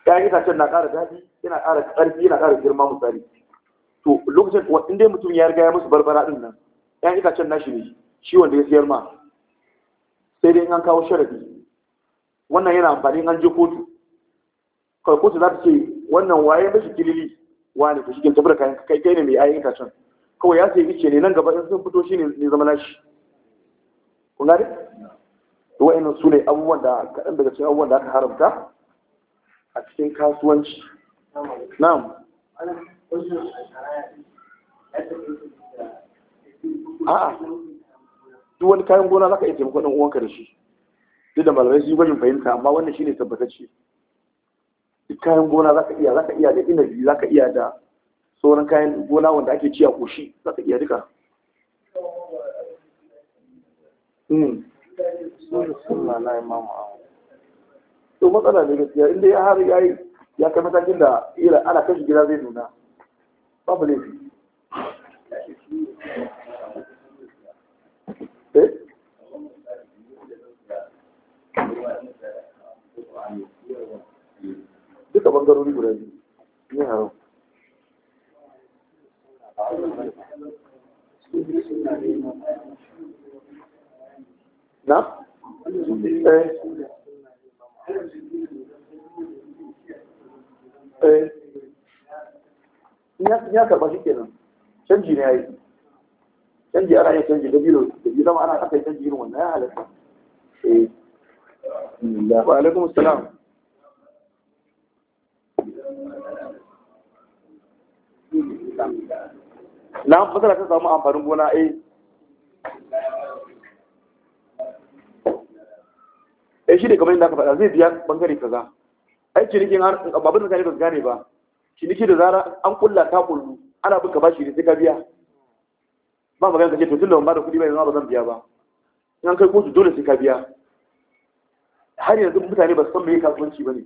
ya yi itacen na ƙara daɗi yana ƙara ƙarfi yana ƙara girma misali to lokacin in dai mutum ya riga ya musu barbara ɗin nan ya yi can nashi ne shi wanda ya siyar ma sai dai an kawo sharadi wannan yana amfani an je kotu kawai kotu za ta ce wannan waye mashi kilili wani ku shi ke tabbata kayan kai ne mai ayyuka can kawai ya sai ice ne nan gaba in sun fito shi ne zama nashi kun gane to wa'annan su ne abubuwan da kaɗan daga cikin abubuwan da aka haramta a cikin kasuwanci na'am a'a duk wani kayan gona zaka iya taimakon ɗan uwanka da shi duk da malamai sun yi gwajin fahimta amma wannan ne tabbatacce duk kayan gona zaka iya zaka iya da inabi zaka iya da sauran kayan gona wanda ake ciya a koshi za ta iya duka hmm. to matsala ne gaskiya inda ya har yayi ya kai matakin da ila ana kashi gida zai nuna babu laifi eh duka bangarori guda biyu ne haram na? eh eh ya karba shi kenan canji ne ya yi canji ana yin canji da biro da bi zama aka yi canji irin wannan ya Thank eh. you. na masara ta samu amfanin gona eh eh shi ne kamar yadda aka faɗa zai biya bangare kaza ai cinikin babban mutane ba su gane ba ciniki da zara an kulla ta kullu ana bin ka bashi ne sai ka biya ba magana kace to tun da ban bada kuɗi ba yanzu ba zan biya ba in an kai kotu dole sai ka biya har yanzu mutane ba su san meye kasuwanci ba ne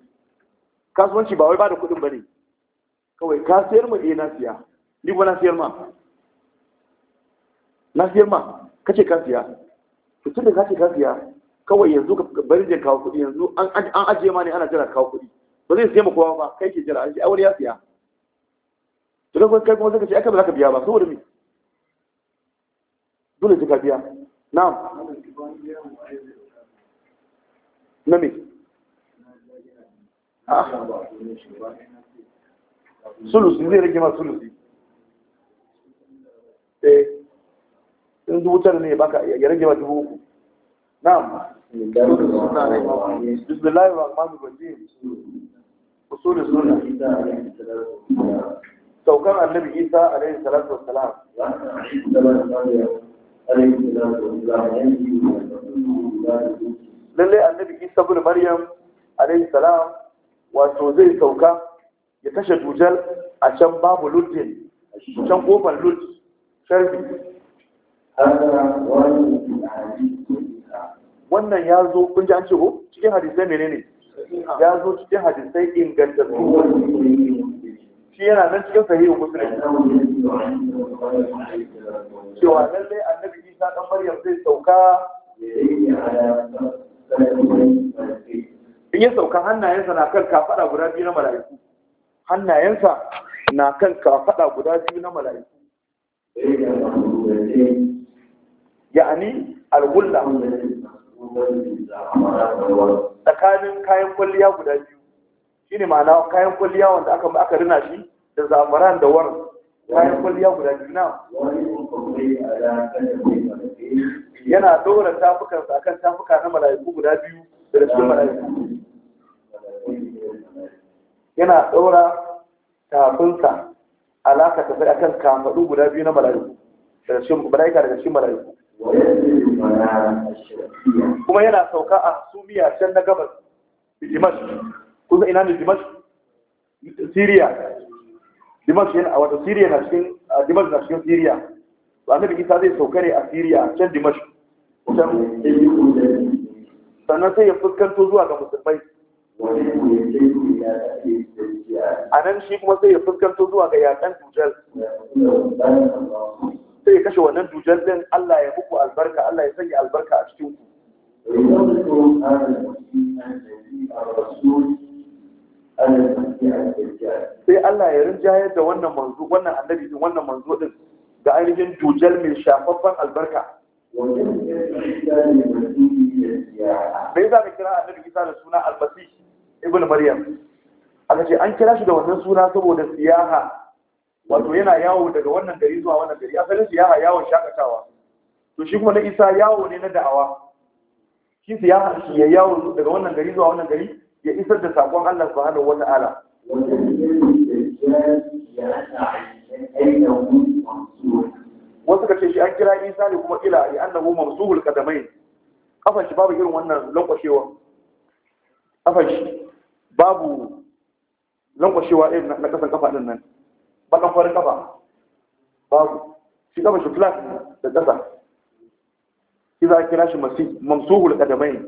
kasuwanci ba wai bada kuɗin ba ne kawai ka sayar ma eh na siya ni ba na sayar ma lafiyar ma kace ka siya to tun da kace ka siya kawai yanzu ka bari da kawo kuɗi yanzu an ajiye ma ne ana jira kawo kuɗi ba zai siya ma kowa ba kai ke jira an wani ya siya to da kai kuma zaka ce aka ba zaka ka biya ba saboda me dole sai ka biya na'am na me ah. sulusi zai rage ma sulusi eh in dubu tara ne ya baka ya rage ba dubu uku na'am bismillahir rahmanir rahim usul sunna saukan annabi isa alaihi salatu wassalam lalle annabi isa bin maryam alaihi salam wato zai sauka ya kashe dujal a can babu luddin can kofar lud sharbi wannan ya zo kun ji an ce ho cikin hadisai menene ya zo cikin hadisai ingantattu shi yana nan cikin sahihu muslim cewa lallai annabi isa dan maryam zai sauka in ya sauka hannayensa na kan kafada guda biyu na mala'iku hannayensa na kan kafada guda biyu na mala'iku yani algulla tsakanin kayan kwalliya guda biyu ne ma'ana kayan kwalliya wanda aka aka rina shi da zamaran da warin kayan kwalliya guda biyu na yana dora tafukansa akan tafuka na mala'iku guda biyu da rashin mala'iku yana dora tafinsa alaka tafi akan kafaɗu guda biyu na mala'iku da rashin mala'iku kuma yana sauka a sumiya can na gabas dimash kusa ina ne dimash siriya dimash yana a wata siriya na cikin dimash na cikin siriya ba annabi isa zai sauka ne a siriya can dimash can sannan sai ya fuskanto zuwa ga musulmai a nan shi kuma sai ya fuskanto zuwa ga yakan dujal sai kashe wannan dujal din Allah ya muku albarka Allah ya sanya albarka a cikin ku sai Allah ya rinjayar da wannan manzo wannan annabi din wannan manzo din ga ainihin dujal mai shafaffen albarka me za ka kira annabi Isa da suna almasih ibn maryam aka ce an kira shi da wannan suna saboda siyaha wato yana yawo daga wannan gari zuwa wannan gari asalin su yaha yawon shakatawa to shi kuma na isa yawo ne na da'awa shi su yaha shi ya yawo daga wannan gari zuwa wannan gari ya isar da sakon Allah su subhanahu wata ala wasu ka ce shi an kira isa ne kuma ila ya masu mamsuhul kadamai kafan shi babu irin wannan lankwashewa kafan shi babu lankwashewa irin na kasan kafa din nan bakan farin kafa babu shi kafa shi flat da ƙasa shi za a kira shi mamsuhul kadamai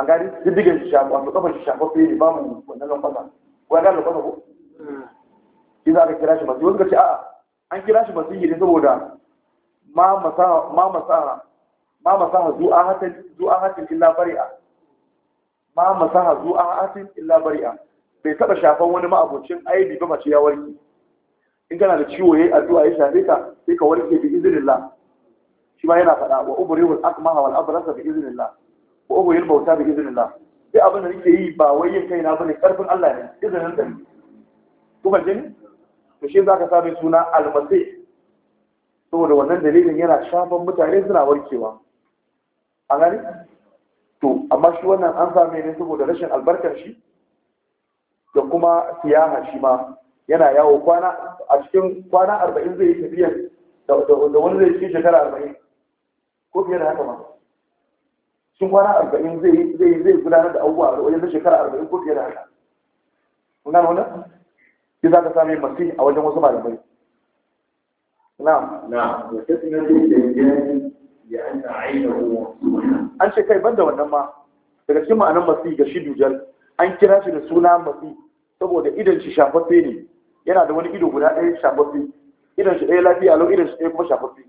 an gari diddigan shi shafa wato kafa shi shafa fiye ba mu wannan lambata ko ya gane lambata ko shi za a kira shi masu wasu ka ce a'a an kira shi masu ne saboda ma masaha ma masaha hatin zu'a hatin illa bari'a ma masaha zu'a hatin illa bari'a bai taba shafan wani ma'abocin aibi ba mace ya warke? in kana da ciwo yayi addu'a ya shafe ka sai ka warke bi iznillah shi ma yana faɗa wa ubrihul akmaha wal abrasa bi iznillah wa ubrihul mauta bi iznillah sai abin da nake yi ba wai yin kaina bane karfin Allah ne izinin da ku fahimce ni to shi zaka same suna Almasi. saboda wannan dalilin yana shafan mutane suna warkewa a gani to amma shi wannan an same ne saboda rashin albarkar shi da kuma siyaha shi ma yana yawo kwana a cikin kwana arba'in zai yi tafiyan da wani zai ci shekara arba'in ko fiye da haka ma cikin kwana arba'in zai zai gudanar da abubuwa a wajen shekara arba'in ko fiye da haka kun gano wannan shi za ka sami masu a wajen wasu malamai na na'am ya an ce kai banda wannan ma daga cikin ma'anar masu ga shi dujal an kira shi da suna masu saboda idan shi shafaffe ne yana da wani ido guda ɗaya shafafi, idan shi ɗaya lafiya lau idan shi ɗaya kuma shafafi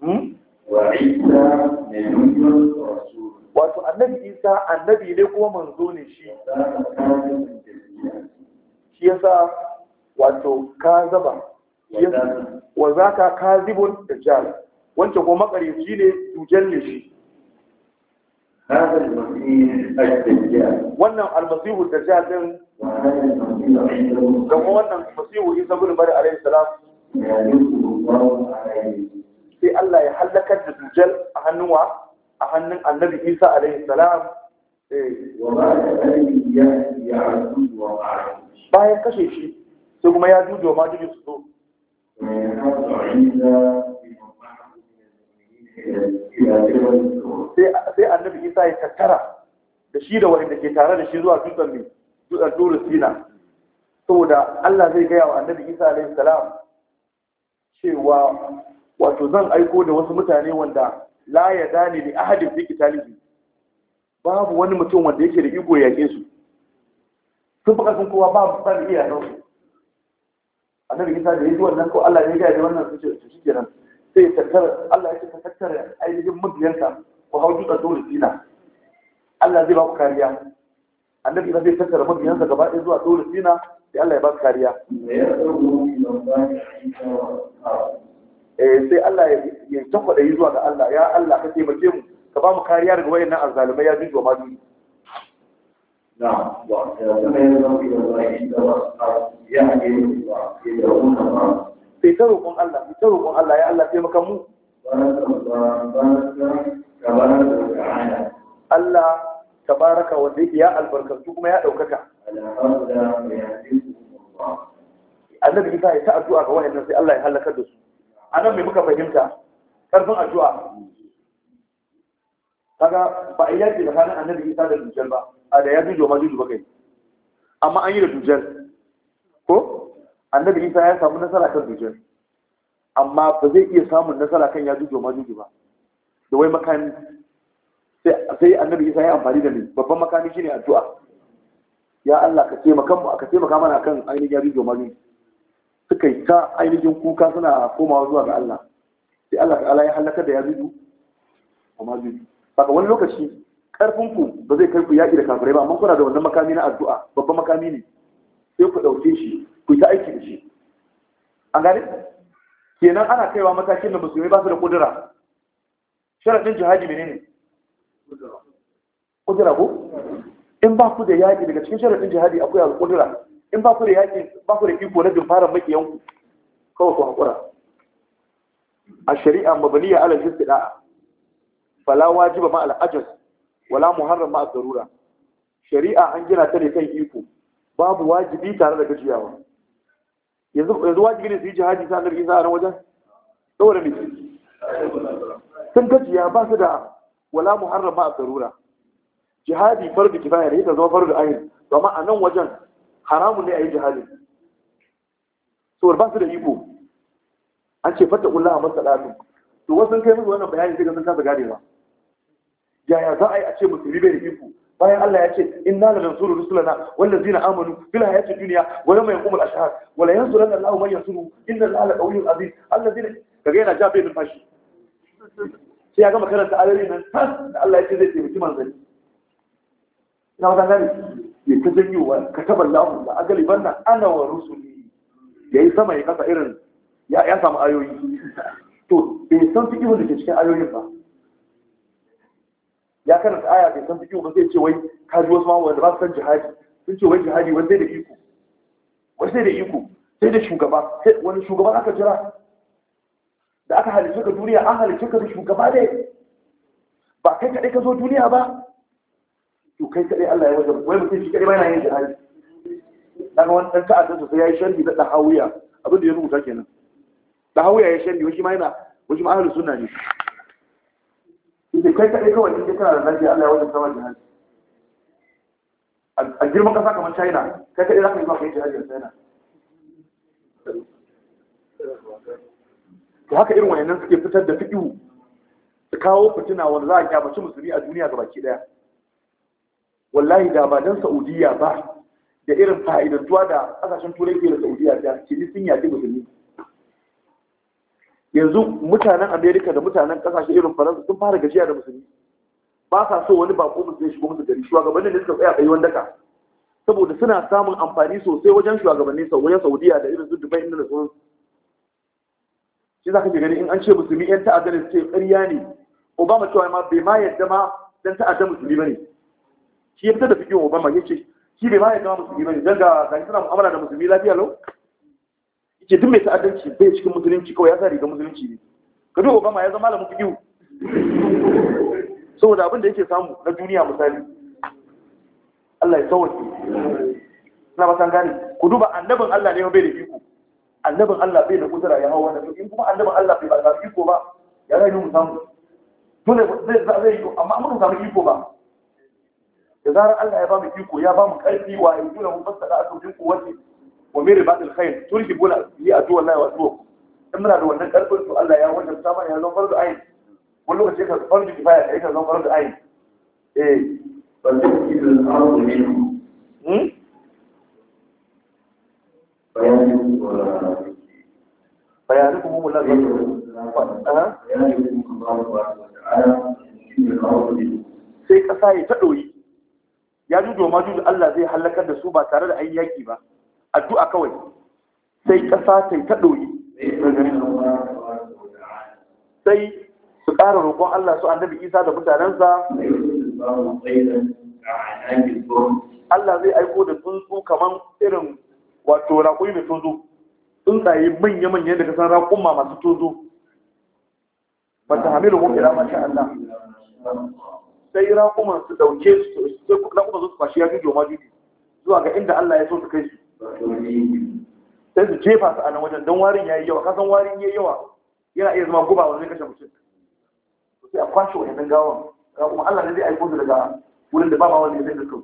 hmm? wato annabi isa annabi ne kuma manzo ne shi shi yasa wato ka zaba wa za ka kazibun da jihar wancan kuma makarici ne tujen ne shi wannan almasihu da sha din kuma wannan masihu isa gudun bari alaihi salam sai Allah ya hallakar da dujjal a hannuwa a hannun annabi isa alaihi salam eh. bayan kashe shi sai kuma ya dujo ma dujo su zo sai annabi isa ya tattara da shi da wanda ke tare da shi zuwa dutsen mai dutsen turu sina saboda allah zai gaya wa annabi isa alaihi salam cewa wato zan aiko da wasu mutane wanda la ya dane da ahadin fi kitalibi babu wani mutum wanda yake da iko yaƙe su sun fi ƙarfin kowa ba su san iya nan annabi isa da ya ji wannan ko allah ya gaya da wannan su ce su shi sai ya tattara Allah ya ce ka tattara ainihin mabiyanka ku hau duka dole dina Allah zai ba ku kariya annabi ba zai tattara mabiyansa gaba ɗaya zuwa dole dina sai Allah ya ba ku kariya sai Allah ya takwada yi zuwa ga Allah ya Allah ka taimake mu ka ba mu kariya daga wayannan azzalumai ya jujuwa ma duniya نعم وكما ينبغي zuwa عندما يعجل ويدعون ba, sai ta roƙon Allah sai ta roƙon Allah ya Allah sai maka mu Allah tabaraka wanda ya albarkantu kuma ya ɗaukaka annabi Isa ya ta addu'a ga wayannan sai Allah ya halaka da su anan me muka fahimta karfin addu'a kaga ba a yaki da hannun annabi Isa da dujjal ba a da ya bijo ma juju ba kai amma an yi da dujjal ko annabi isa ya samu nasara kan dujiyar amma ba zai iya samun nasara kan ya jujo ma jujo ba da wai makami sai annabi isa ya amfani da ni babban makami shine addu'a ya Allah ka taimaka mu ka taimaka mana kan ainihin ya jujo ma jujo suka yi ta ainihin kuka suna komawa zuwa ga Allah sai Allah ta'ala ya halaka da ya jujo ma jujo saka wani lokaci karfin ku ba zai kai ku yaki da kafirai ba amma kuna da wannan makami na addu'a babban makami ne sai ku ɗauke shi ku ta aiki da shi an gane kenan ana kaiwa matakin da musulmi ba su da kudura sharaɗin jihadi menene kudura ko in ba ku da yaƙi daga cikin sharaɗin jihadi akwai ƙudura in ba ku da yaƙi ba ku da iko na dimfara makiyanku kawai ku haƙura a shari'a mabaniya ala da'a. fala wajiba ma al'ajas wala muharrar ma darura shari'a an gina ta ne kan iko babu wajibi tare da gajiyawa yanzu wajibi ne su yi jihadi sa annabi isa a nan wajen saboda ne sun gajiya ba su da wala muharram ma a sarura. jihadi fardu kifaya da yadda zama fardu ayin amma a nan wajen haramun ne a yi jihadi saboda ba su da iko an ce fata ullaha masalatu to wasu kai musu wannan bayani sai ga sun kasa gadewa yaya za a yi a ce musulmi bai da iko bayan Allah ya ce inna la nansuru rusulana wallazina amanu fil hayati dunya wa yawma yaqumul ashhad wa la yansuranna Allahu man yansuru inna Allaha la qawiyyun aziz allazina kaga yana jabe da fashi sai ya gama karanta ayoyin nan tas da Allah ya ce zai taimaki manzanni ina wata gani ya ta wa katabar lahu da agali nan ana wa rusuli yayi sama ya kasa irin ya samu ayoyi to bai san fikihu da ke cikin ayoyin ba ya karanta aya bai san fikihu ba zai ce wai ka ji wasu ma wanda ba su san jihadi sun ce wai jihadi wani zai da iko wani zai da iko sai da shugaba wani shugaban aka jira da aka halice ka duniya an halice ka da shugaba ne ba kai kaɗai ka zo duniya ba to kai kaɗai Allah ya wajen wai mutum shi kaɗai ba yana yin jihadi dan wani dan ta'adda sai ya yi sharri da dahawiya abin da ya rubuta kenan dahawiya ya shandi wani ma yana wani ma ahlus sunna ne kai kaɗai kawai in kana da lafiya Allah ya wajen sama jihadi a girman ƙasa kamar china kai kaɗai za ka yi zuwa kai jihadi a china to haka irin wayannan suke fitar da fiƙihu su kawo fitina wanda za a kyamaci musulmi a duniya ga baki ɗaya wallahi da ba dan saudiya ba da irin fa'idantuwa da ƙasashen turai ke da saudiya da ke sun yaƙi musulmi yanzu mutanen amerika da mutanen kasashe irin faransa sun fara gajiya da musulmi ba sa so wani bako musulmi ya shigo musu gari shugabannin da suka tsaya tsaye wanda ka saboda suna samun amfani sosai wajen shugabannin wajen saudiya da irin su dubai inda da sun shi za ka gani in an ce musulmi yan ta'adda ne suke ƙarya ne obama cewa ma bai ma yadda ma dan ta'adda musulmi ba ne shi ya fitar da fikin obama ya ce shi bai ma yadda ma musulmi ba ne don ga ga suna mu'amala da musulmi lafiya lau yace duk mai ta'addanci bai cikin musulunci kawai ya sa riga musulunci ne ka duk obama ya zama malamin yiwu. saboda abin da yake samu na duniya misali Allah ya tsawaki na ba san gane ku duba annabin Allah ne bai da iko annabin Allah bai da kusura ya hawa wannan in kuma annabin Allah bai ba da iko ba ya zai mu samu dole zai zai yi amma mun samu iko ba da zarar Allah ya ba mu iko ya ba mu karfi wa ya da mu fassara a cikin kowace wa min ribatil khair turhibuna bi aduwallahi wa aduwakum in muna da wannan karfin to Allah ya wanda samar ya zama farzu ayin wani lokaci ka farzu kifaya ka yi ka zama farzu ayin eh fasikil al-ardu minhu hmm فيعرفه هم الله sai ƙasa ya ta ɗoyi ya jujo ma jujo Allah zai halakar da su ba tare da ayyaki ba addu'a kawai sai ƙasa ta yi ta ɗoyi sai su ƙara roƙon Allah su annabi Isa da mutanensa Allah zai aiko da tsuntsu kamar irin wato raƙuri mai tozo tsuntsaye manya-manya da kasan raƙumma masu tozo ba ta hamilu mun kira sha Allah sai raƙuman su ɗauke su raƙuman su kwashi ya jujo ma juju zuwa ga inda Allah ya so su kai su sai su jefa su a nan wajen don warin ya yi yawa kasan warin ya yi yawa yana iya zama guba wani kashe mutum sai a kwashe wa yanzu gawa ga kuma allah ne zai aiko su daga wurin da ba ma wani zai dukkan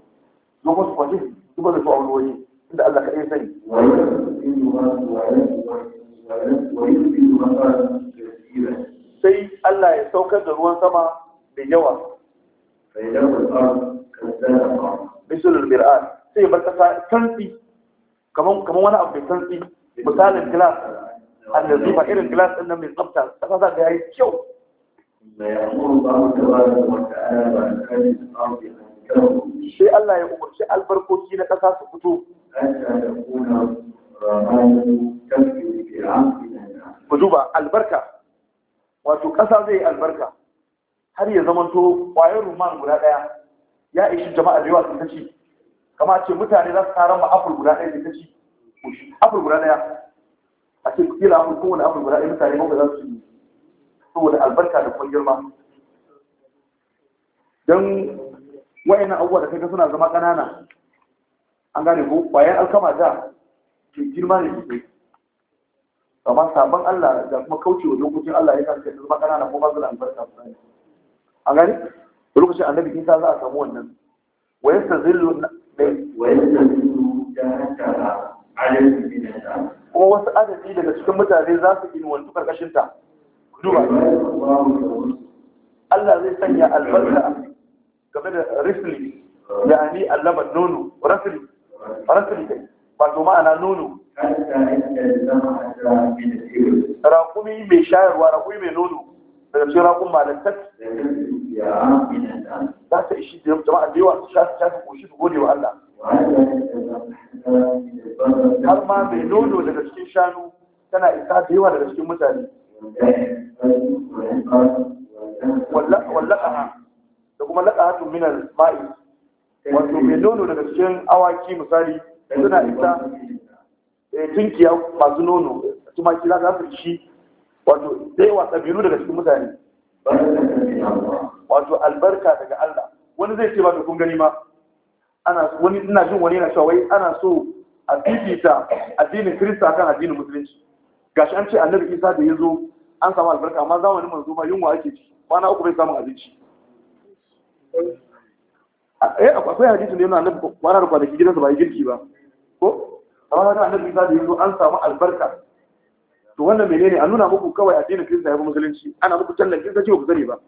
zo kuma su kwashe su ba da su a wani wani inda allah kaɗai sani sai allah ya saukar da ruwan sama da yawa misalin mir'an sai ya bar kasa tanti kamar wani abu mai santsi misalin glass da ba irin glass din nan mai tsafta kasa za ya yi kyau sai Allah ya umarci albarkoki na kasa su fito ku duba albarka wato kasa zai albarka har ya zamanto ƙwayar ruman guda ɗaya ya ishi jama'a da yawa sun ta ce kama ce mutane za su tara ma afur guda ɗaya da kashi Afur guda ɗaya a ce kila afur kowane afur guda ɗaya mutane ba za su yi saboda albarka da kwan girma don nan abubuwa da kaga suna zama ƙanana an gane ko bayan alkama da ke girma ne sosai amma sabon Allah da kuma kaucewa lokacin Allah ya kasance zama ƙanana ko ba su da albarka sosai an gane lokacin annabi Isa za a samu wannan wa yastazillu kuma wasu adadi daga cikin mutane za su inuwantu karkashinta duba Allah zai sanya albarka game da rifli ya ni allaman nono rafili rafili kai wato ma'ana nono raƙumi mai shayarwa raƙumi mai nono daga cikin raƙun malatat za ta ishi da jama'a da yawa su sha su sha su koshi su gode wa Allah har ma mai nono daga cikin shanu tana isa da yawa daga cikin mutane wallaka da kuma laƙahatun minar ma'i wato mai nono daga cikin awaki misali suna isa eh, tunkiya masu nono tumaki za su ishi wato da yawa ƙabilu daga cikin mutane wato albarka daga Allah wani zai ce ba da kun gani ma ana wani ina jin wani yana shawai. ana so a fifita addinin Kirista kan addinin Musulunci gashi an ce Annabi Isa da yazo an samu albarka amma zamanin manzo ma yunwa ake ci kwana uku bai samu abinci eh akwai hadisi ne na Annabi kwana da gidansa ba yi girki ba ko amma ga Annabi Isa da yazo an samu albarka to wannan menene a nuna muku kawai addinin Kirista ya fi musulunci ana muku tallafin sai ku sani ba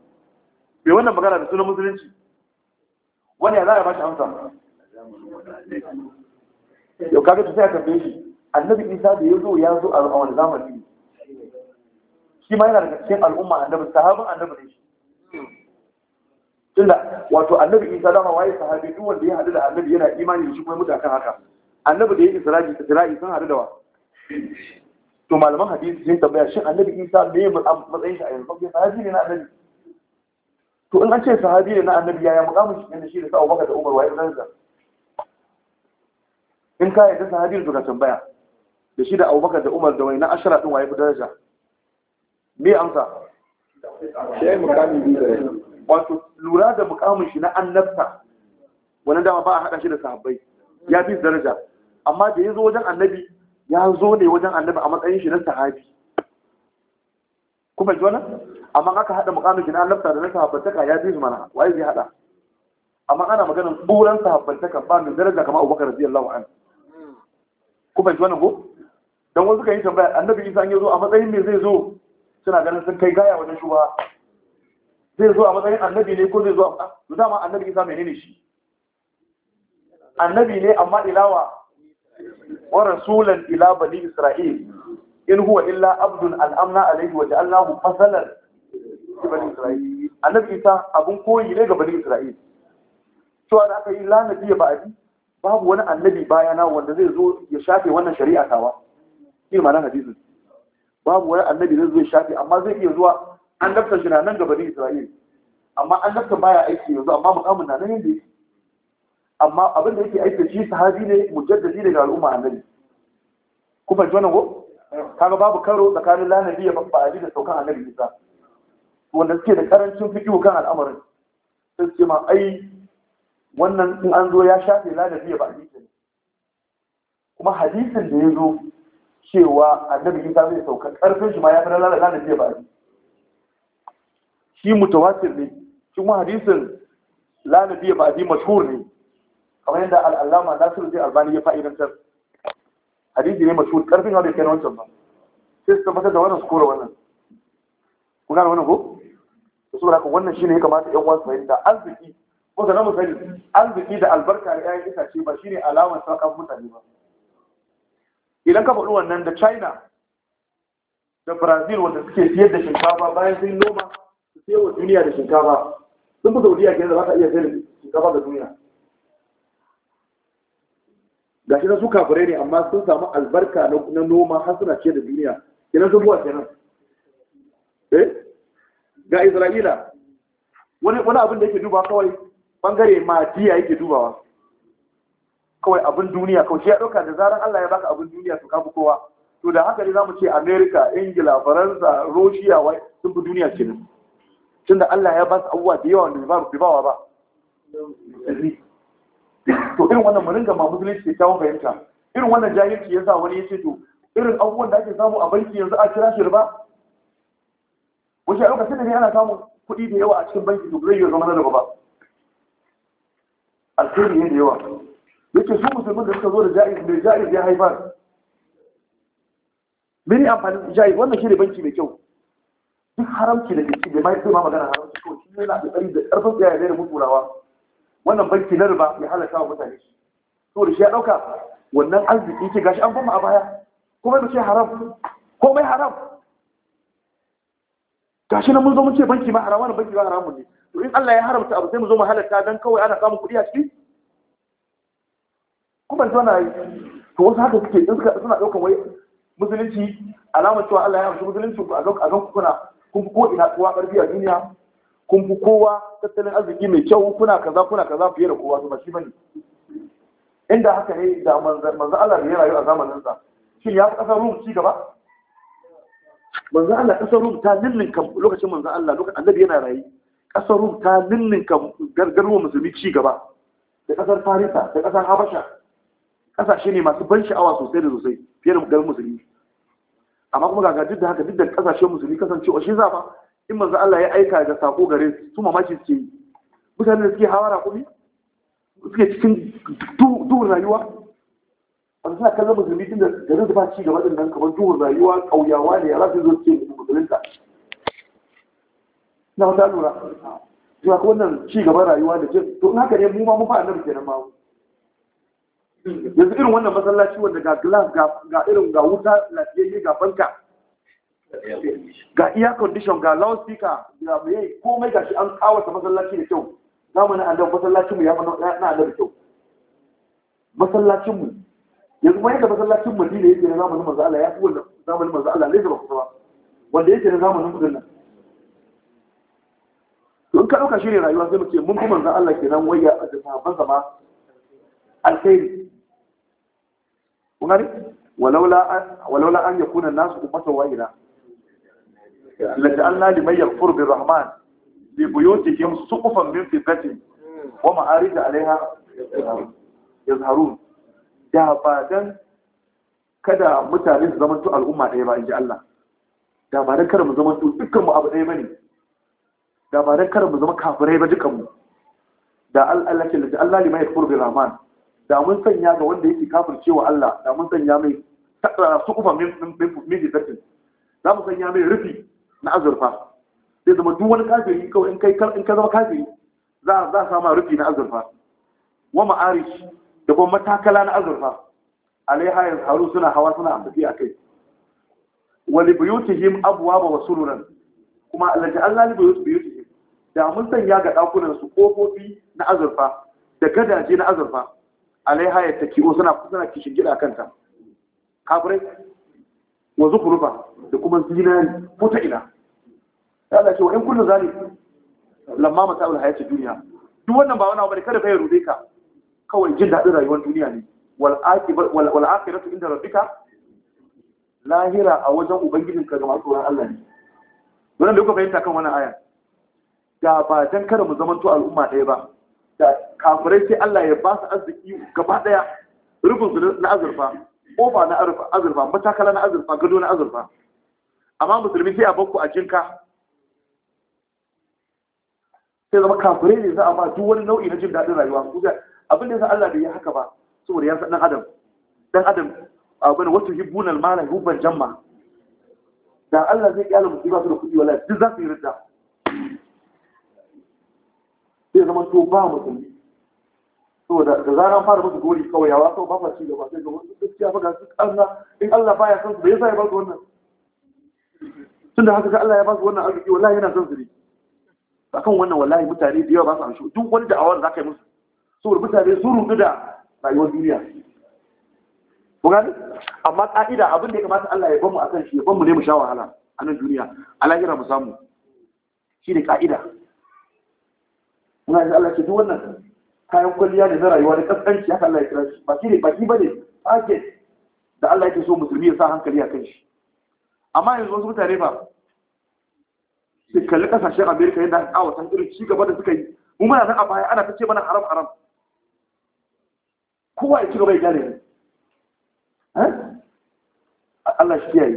bai wannan magana da sunan musulunci wani ya za a bashi amsa yau kaga ta sai a tambaye shi annabi isa da ya zo ya zo a wani zamani shi ma yana daga cikin al'umma annabi sahabin annabi ne shi tunda wato annabi isa dama waye sahabi duk wanda ya hadu da annabi yana imani da shi kuma mutu akan haka annabi da ya yi da isra'i sun hadu da wa to malaman hadisi sun tambaya shin annabi isa ne matsayin shi a yanzu sahabi ne na annabi to in an ce sahabi ne na annabi yaya mukamin shi ne shi da sa'u baka da umar waye zanza in ka yadda sahabi da ka tambaya da shi da abubakar da umar da wani na ashara din waye fi daraja me amsa biyu da wato lura da mukamin shi na annabta wani dama ba a haɗa shi da sahabbai ya fi daraja amma da ya zo wajen annabi ya zo ne wajen annabi a matsayin shi na sahabi kuma ji wannan amma aka haɗa mukamin gina lafta da na sahabbantaka ya zai mana waye zai haɗa amma ana maganar tsoron sahabbantaka ba mai daraja kamar abubakar radiyallahu anhu ku fahimci wannan ko dan wasu kan yi tambaya annabi isa an yi zo a matsayin me zai zo suna ganin sun kai gaya wajen shuba zai zo a matsayin annabi ne ko zai zo a dama annabi isa menene shi annabi ne amma ilawa wa rasulan ila bani isra'il in huwa illa abdun al'amna alaihi wa ja'alnahu fasalan bani annabi isa abun koyi ne ga bani isra'il cewa da aka yi la nabiyya ba'di babu wani annabi bayana wanda zai zo ya shafe wannan shari'a tawa shi ma nan hadisin babu wani annabi zai zo ya shafe amma zai iya zuwa an dafta shi na nan ga bani isra'il amma an dafta baya aiki yanzu amma mukamin na nan yadda yake amma abin da yake aiki shi sahabi ne mujaddadi daga al'umma annabi kuma jona go kaga babu karo tsakanin la ya ba'di da saukan annabi isa wanda suke da karancin fiƙi kan al'amarin sai suke ma ai wannan in an zo ya shafe ladabi ba hadisin kuma hadisin da ya zo cewa annabi isa zai sauka karfin shi ma ya fi lalace ba shi shi mutawatir ne shi kuma hadisin lalace ba shi mashhur ne kamar yadda al'allama nasir zai albani ya tar hadisi ne mashhur karfin hadu ya kai wancan ba sai su tabbatar da wannan su kora wannan ku gane wannan ko saboda haka wannan shine ya kamata ƴan uwan su fahimta arziki ko sanan mu sani arziki da albarka da ƴaƴan itace ba shine alamar sakan mutane ba idan ka faɗi wannan da China da Brazil wanda suke siyar da shinkafa bayan sun noma su siyar wa duniya da shinkafa sun fi Saudiya kenan da za ta iya sayar da shinkafa da duniya gashi na su kafirai ne amma sun samu albarka na noma har suna ce da duniya kenan sun buwa kenan eh ga isra'ila wani abin da yake duba kawai bangare diya yake dubawa kawai abin duniya kawai shi ya ɗauka da zarar allah ya baka abin duniya to kafi kowa to da haka ne za mu ce america ingila faransa roshiya wai sun fi duniya kenan tunda allah ya ba su abubuwa da yawa da bai bawa ba to irin wannan mu ringa ma musulunci ke kawo fahimta irin wannan jahilci ya sa wani ya ce to irin abubuwan da ake samu a banki yanzu a kira shi riba wace a lokacin da ne ana samun kuɗi da yawa a cikin banki duk zai yi zama na gaba ba alheri ne da yawa yake su musulmin da suka zo da ja'iz mai ja'iz ya haifar mini amfanin ja'iz wannan shi ne banki mai kyau duk haramci da ke da mai ma magana haramci kawai shi yana da tsari da ƙarfin tsaya da mu turawa wannan banki na riba ya halaka wa mutane shi to da shi ya ɗauka wannan arziki ke gashi an bama a baya Kuma komai mace haram komai haram gashi nan mun zo mun ce banki ma haramun banki ba haramun ne to in Allah ya haramta abu sai mu zo mu halatta dan kawai ana samun kuɗi a ciki kuma to na yi to wasu haka suke in suka suna ɗaukar wai musulunci alamar cewa Allah ya haramta musulunci a ga a ga kuna kun fi ko ina kowa karfi a duniya kun fi kowa tattalin arziki mai kyau kuna kaza kuna kaza fiye da kowa to ba shi bane inda haka ne da manzo Allah da ya rayu a zamaninsa. shin ya fi ƙasar Rum ci gaba manzo Allah kasar Rum ta ninninka lokacin manzo Allah lokacin annabi yana rayi kasar Rum ta ninninka gargarwa musulmi ci gaba da kasar Farisa da kasar Habasha kasashe ne masu ban sha'awa sosai da sosai fiye da garin musulmi amma kuma ga duk da haka duk da kasashen musulmi kasancewa shi za fa? in manzo Allah ya aika da sako gare su su mamaki suke yi mutane da suke hawara kuma suke cikin duhun rayuwa an suna kallon musulmi tun da garin da ba ci gaba din nan kamar duhun rayuwa ƙauyawa ne yara su zo ce musulunta na wata lura to akwai wannan ci gaba rayuwa da jin to in haka ne mu ma mu fa annabi kenan ma yanzu irin wannan masallaci wanda ga glass ga irin ga wuta ne ga fanka ga iya condition ga speaker ga mai komai gashi an ta masallaci da kyau zamanin annabi masallacin mu ya fa na da kyau masallacin mu yanzu wani da masallacin madina yake na zamanin manzo Allah ya fi wanda zamanin manzo Allah ne da kusa ba wanda yake na zamanin gudun nan don ka ɗauka shi ne rayuwa sai muke mun fi manzo Allah kenan waya a sahabban zama alkhairi kun gani walaula an yakuna nasu ummatan wahida لجعلنا لمن يغفر بالرحمن لبيوتهم سقفا من فضة ومعارج عليها يظهرون da ba don kada mutane su zama to al'umma ɗaya ba in ji Allah da ba don kada mu zama to dukkan mu abu ɗaya ba ne. da ba don kada mu zama kafirai ba dukkan mu da Allah ke lati Allah limai yakfur bi rahman da mun sanya ga wanda yake kafirce wa Allah da mun sanya mai su kufa min min fitin za mu sanya mai rufi na azurfa sai zama duk wani kafiri kawai in kai in ka zama kafiri za za sama rufi na azurfa wa ma'arish da kuma matakala na azurfa alaiha yanzu haru suna hawa suna ambaci a kai Wani wali him abuwa ba wasu ruran kuma alaji allah li him da mun sanya ga ɗakunan su ƙofofi na azurfa da gadaje na azurfa alaiha ya taki'o suna suna kishin gida kanta kafirai wa zukurufa da kuma zinari ko ta ina ya Allah wa 'yan kullum zane? lamma mata'ul hayati duniya duk wannan ba wani abu ne kada ka yi rude ka kawai jin daɗin rayuwar duniya ne wal akhiratu inda rabbika lahira a wajen ubangijin ga masu tsoron Allah ne wannan da kuka fahimta kan wannan aya da ba dan kada mu zamanto al'umma ɗaya ba da kafirai sai Allah ya ba su arziki gaba ɗaya rufin su na azurfa ƙofa na azurfa matakala na azurfa gado na azurfa amma musulmi sai a bakku a jinka sai zama kafirai ne za a ba duk wani nau'i na jin daɗin rayuwa abin da yasa Allah bai yi haka ba saboda ya san dan adam dan adam abin wasu hibbun almala hubban jamma da Allah zai kyala musu ba su da kuɗi wala duk za su yi ridda sai zama to ba musulmi saboda da zaran fara musu gori kawai yawa kawai ba fa ci gaba sai ga wasu gaskiya fa ga su Allah in Allah baya san su bai yasa ya ba su wannan tunda haka ga Allah ya ba su wannan arziki wallahi yana son su ne akan wannan wallahi mutane da yawa ba su amshi duk wani da'awar za ka yi musu saboda mutane sun rudu da rayuwar duniya gani amma ƙa'ida abin da ya kamata Allah ya ban mu akan shi ya ban mu ne mu sha wahala a nan duniya a lahira mu samu shi ne ƙa'ida. muna da Allah ke duk wannan kayan kwalliya ne na rayuwa da kaskanci haka Allah ya kira shi ba shi ne baki bane target da Allah yake so musulmi ya sa hankali a kan shi amma yanzu wasu mutane ba su kalli kasashen Amerika yadda aka kawo san irin ci gaba da suka yi mu muna nan a baya ana ta ce mana haram haram kowa ya ci gaba ya gane ni eh? Allah shi yayi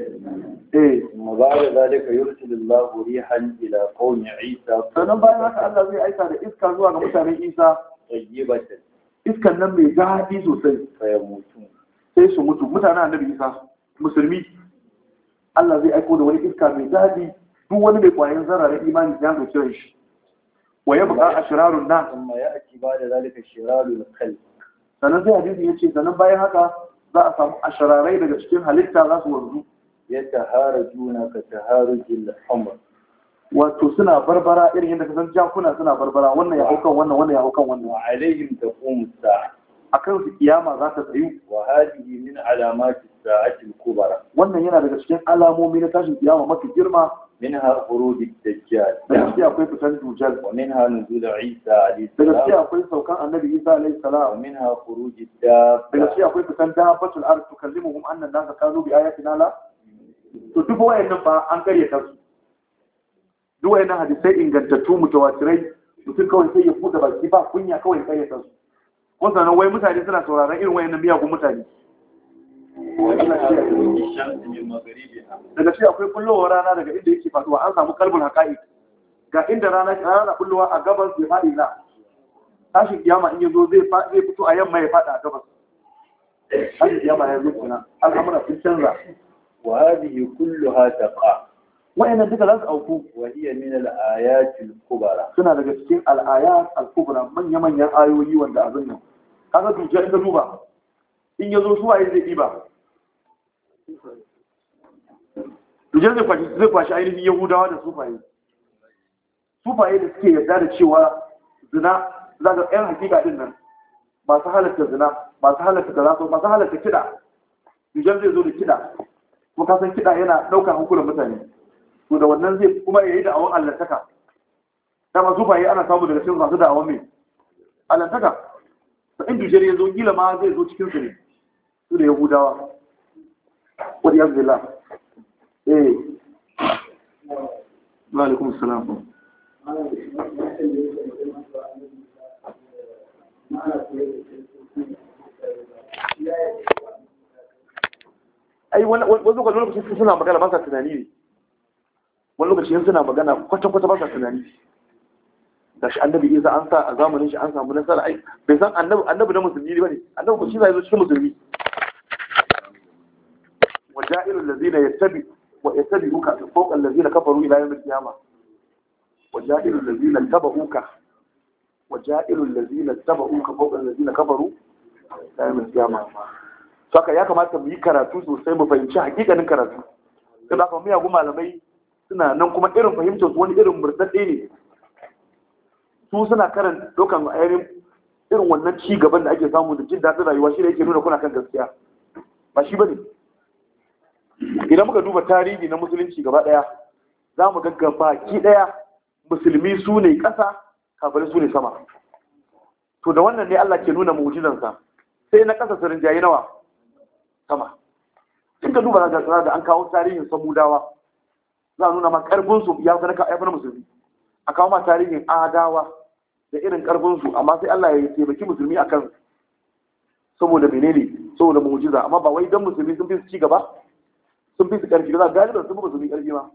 eh mabara zalika yursilullahu rihan ila qaumi Isa sanan bayan haka Allah zai aika da iska zuwa ga mutanen Isa tayyibatan iskan nan mai daɗi sosai sai mutu sai su mutu mutanen annabi Isa musulmi Allah zai aiko da wani iska mai daɗi duk wani mai kwayan zara na imani ya zo kiran shi wa yabqa ashrarun nas amma ya'ti ba da zalika shirarul khalq sannan sai hadisi ya ce sannan bayan haka za a samu ashararai daga cikin halitta za su wanzu ya tahara juna ka tahara jil hamar wato suna barbara irin yadda ka san jakuna suna barbara wannan ya haukan wannan wannan ya haukan wannan wa alaihim taqumu A kan su kiyama za ta tsayu wa hadihi min alamati sa'ati al wannan yana daga cikin alamomi na tashin kiyama mafi girma منها خروج الدجال دغسكي akwai fitan dujal ومنها نزول عيسى عليه السلام دغسكي akwai saukan annabi Isa alaihi salam ومنها خروج الدابة دغسكي akwai fitan dabbat al-ard tukallimuhum anna an-nas kanu bi ayatina la to duk wayannan ba an karyata su duk wayannan hadisai ingantattu mutawatirai mutum kawai sai ya buɗe baki ba kunya kawai karyata su kun sanan wai mutane suna sauraron irin wayannan miyagun mutane daga shi akwai kullowar rana daga inda yake faduwa an samu kalbin haƙa'i ga inda rana rana kullowa a gabas bai faɗi na Tashi kiyama in yanzu zai fito a yamma ya faɗa a gabas tashin kiyama ya zo kuna al'amura sun canza wa hadhihi kulluha taqa wa'annan duka za su auku wa hiya min al-ayat al suna daga cikin al-ayat al-kubra manya manyan ayoyi wanda azan nan kaga dujiya in ka duba in yazo su waye zai diba duje zai kwashi ainihin yahudawa da sufaye sufaye da suke yarda da cewa zina za ga yan hakika ɗin nan masu halatta zina masu halatta garaso masu halatta kiɗa duje zai zo da kiɗa kuma kasan kiɗa yana ɗaukar hankulan mutane to da wannan zai kuma ya yi da'awar allantaka dama sufaye ana samu daga cikin masu da'awar mai allantaka sa'in duje ya zo gila ma zai zo cikin su ne su da yahudawa wani yanzu bila eh ma'alikun salam ai wanzu ga lokacin suna magana ba sa tunani ne wani yin suna magana kwata-kwata ba sa tunani da shi annabi isa an sa a zamanin shi an samu nasara ai bai san annabi da na musulmi ne ba ne? annabi ko shi zai zo cikin musulmi ja'ilul ladina yattabi wa yattabi'uka fawqa alladhina kafaru ila yawm al-qiyamah wa ja'ilul ladina tabauka wa ja'ilul ladina tabauka fawqa alladhina kafaru ila yawm al-qiyamah saka ya kamata mu yi karatu sosai mu fahimci hakikanin karatu da ba kuma miyagun malamai suna nan kuma irin fahimtar su wani irin murtadde ne su suna karan dokan ainihin irin wannan ci gaban da ake samu da jin daɗin rayuwa shi ne yake nuna kuna kan gaskiya ba shi bane idan muka duba tarihi na musulunci gaba daya za mu ga ki daya musulmi su ne ƙasa kafin su ne sama to da wannan ne Allah ke nuna mu'jizansa sai na ƙasa sirin jayi nawa sama in ka duba za ka da an kawo tarihin samudawa za a nuna ma karfin su ya fi na musulmi a kawo ma tarihin adawa da irin karfin su amma sai Allah ya taimaki musulmi a kan saboda menene saboda mu'jiza amma ba wai don musulmi sun fi su ci gaba sun fi su ƙarfi za galiban sun fi ƙarfi ma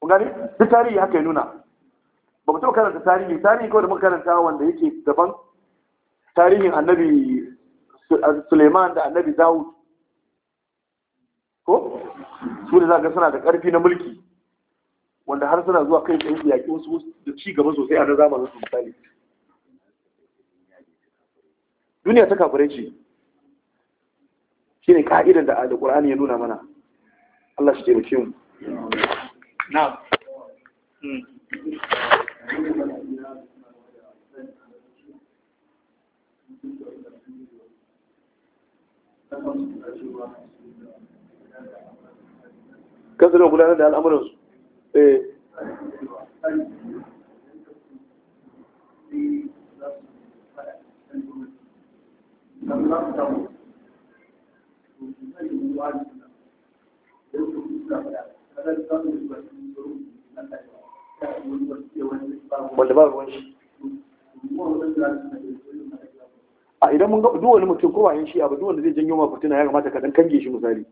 kun gani duk tarihi haka ya nuna ba mu taɓa karanta tarihi tarihi kawai da muka karanta wanda yake daban tarihin annabi suleiman da annabi zawu ko su da za ga suna da ƙarfi na mulki wanda har suna zuwa kai tsaye yaƙi wasu da ci gaba sosai a na zamanin su misali duniya ta kafirai ce shi ne ka'idar da da ya nuna mana Allah shi taimake mu na'am hmm. kansu da gudanar da al'amuran su eh wanda ba ruwan shi a idan mun ga duwani mutum ko wayan shi abu duk zai janyo ma fitina ya kamata ka dan kange shi misali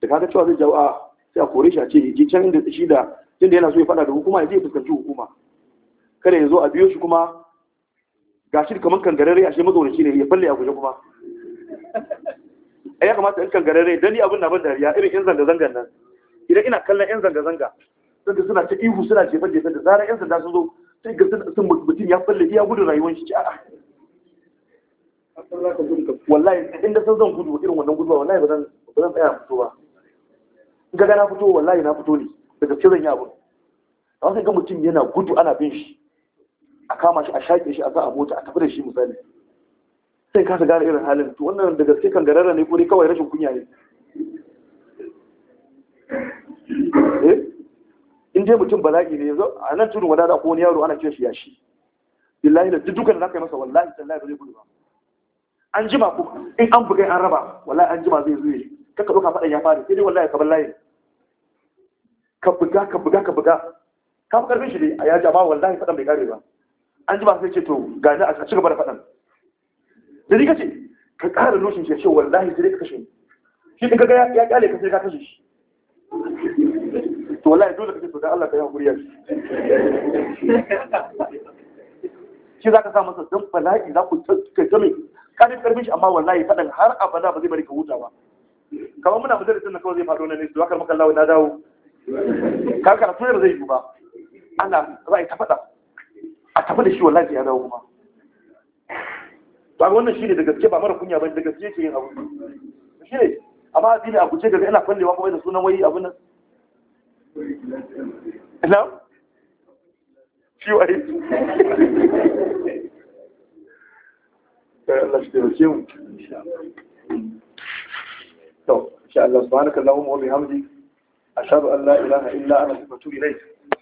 da ga cewa zai jawo a sai a kore shi a ce je can inda shi da tunda yana so ya fada da hukuma ya je fuskanci hukuma kada ya zo a biyo shi kuma gashi kamar kangararre a shi mazaunaci ne ya falle a guje kuma A ya kamata in kan garare dani abin na ban dariya irin yan zanga zangan nan idan ina kallon yan zanga zanga sun ga suna ta ihu suna jefa jefa da zarar yan zanga sun zo sai ga sun mutum ya falle iya gudun rayuwar shi a'a wallahi da sun zan gudu irin wannan guduwa wallahi ba zan ba zan tsaya fito ba in ga na fito wallahi na fito ne da gaske zan yi abu amma sai ga mutum yana gudu ana bin shi a kama shi a shaƙe shi a sa a mota a tafi da shi misali sai kasa gane irin halin to wannan da gaske kan garara ne kuri kawai rashin kunya ne eh? in dai mutum bala'i ne yanzu a nan tudun wadada ko wani yaro ana kiran shi yashi billahi da dukkan da zaka masa wallahi tallahi ba zai gudu ba an jima ko in an buga an raba wallahi an jima zai zuye ka doka fadan ya fara sai dai wallahi ka ballahi ka buga ka buga ka buga ka fi karfin shi ne a ya jama wallahi fadan bai kare ba an jima sai ce to ga ni a ci gaba da fadan da ni kace ka ƙara lushin shi ya ce wallahi sai ka kashe ni shi in kaga ya kyale ka sai ka kashe shi to wallahi dole ka ce to dan Allah ka yi hakuri ya shi za ka sa masa don bala'i za ku kai ta mai kadin karfin shi amma wallahi faɗan har abada ba zai bari ka huta ba kamar muna majalisar da kawai zai faɗo na ne zuwa karmar kallawa na dawo ka karatu yadda zai yi ba ana za a yi ta faɗa a tafi da shi wallahi ya dawo kuma ba wannan shine da gaske ba mara kunya bane da gaske yake yin abu shi ne amma addini a kuce daga ina kwallewa kuma da sunan wai abu nan na shi wai Allah shi taimake mu to insha Allah subhanaka Allahumma wa bihamdika ashhadu an la ilaha illa anta astaghfiruka wa atubu ilayk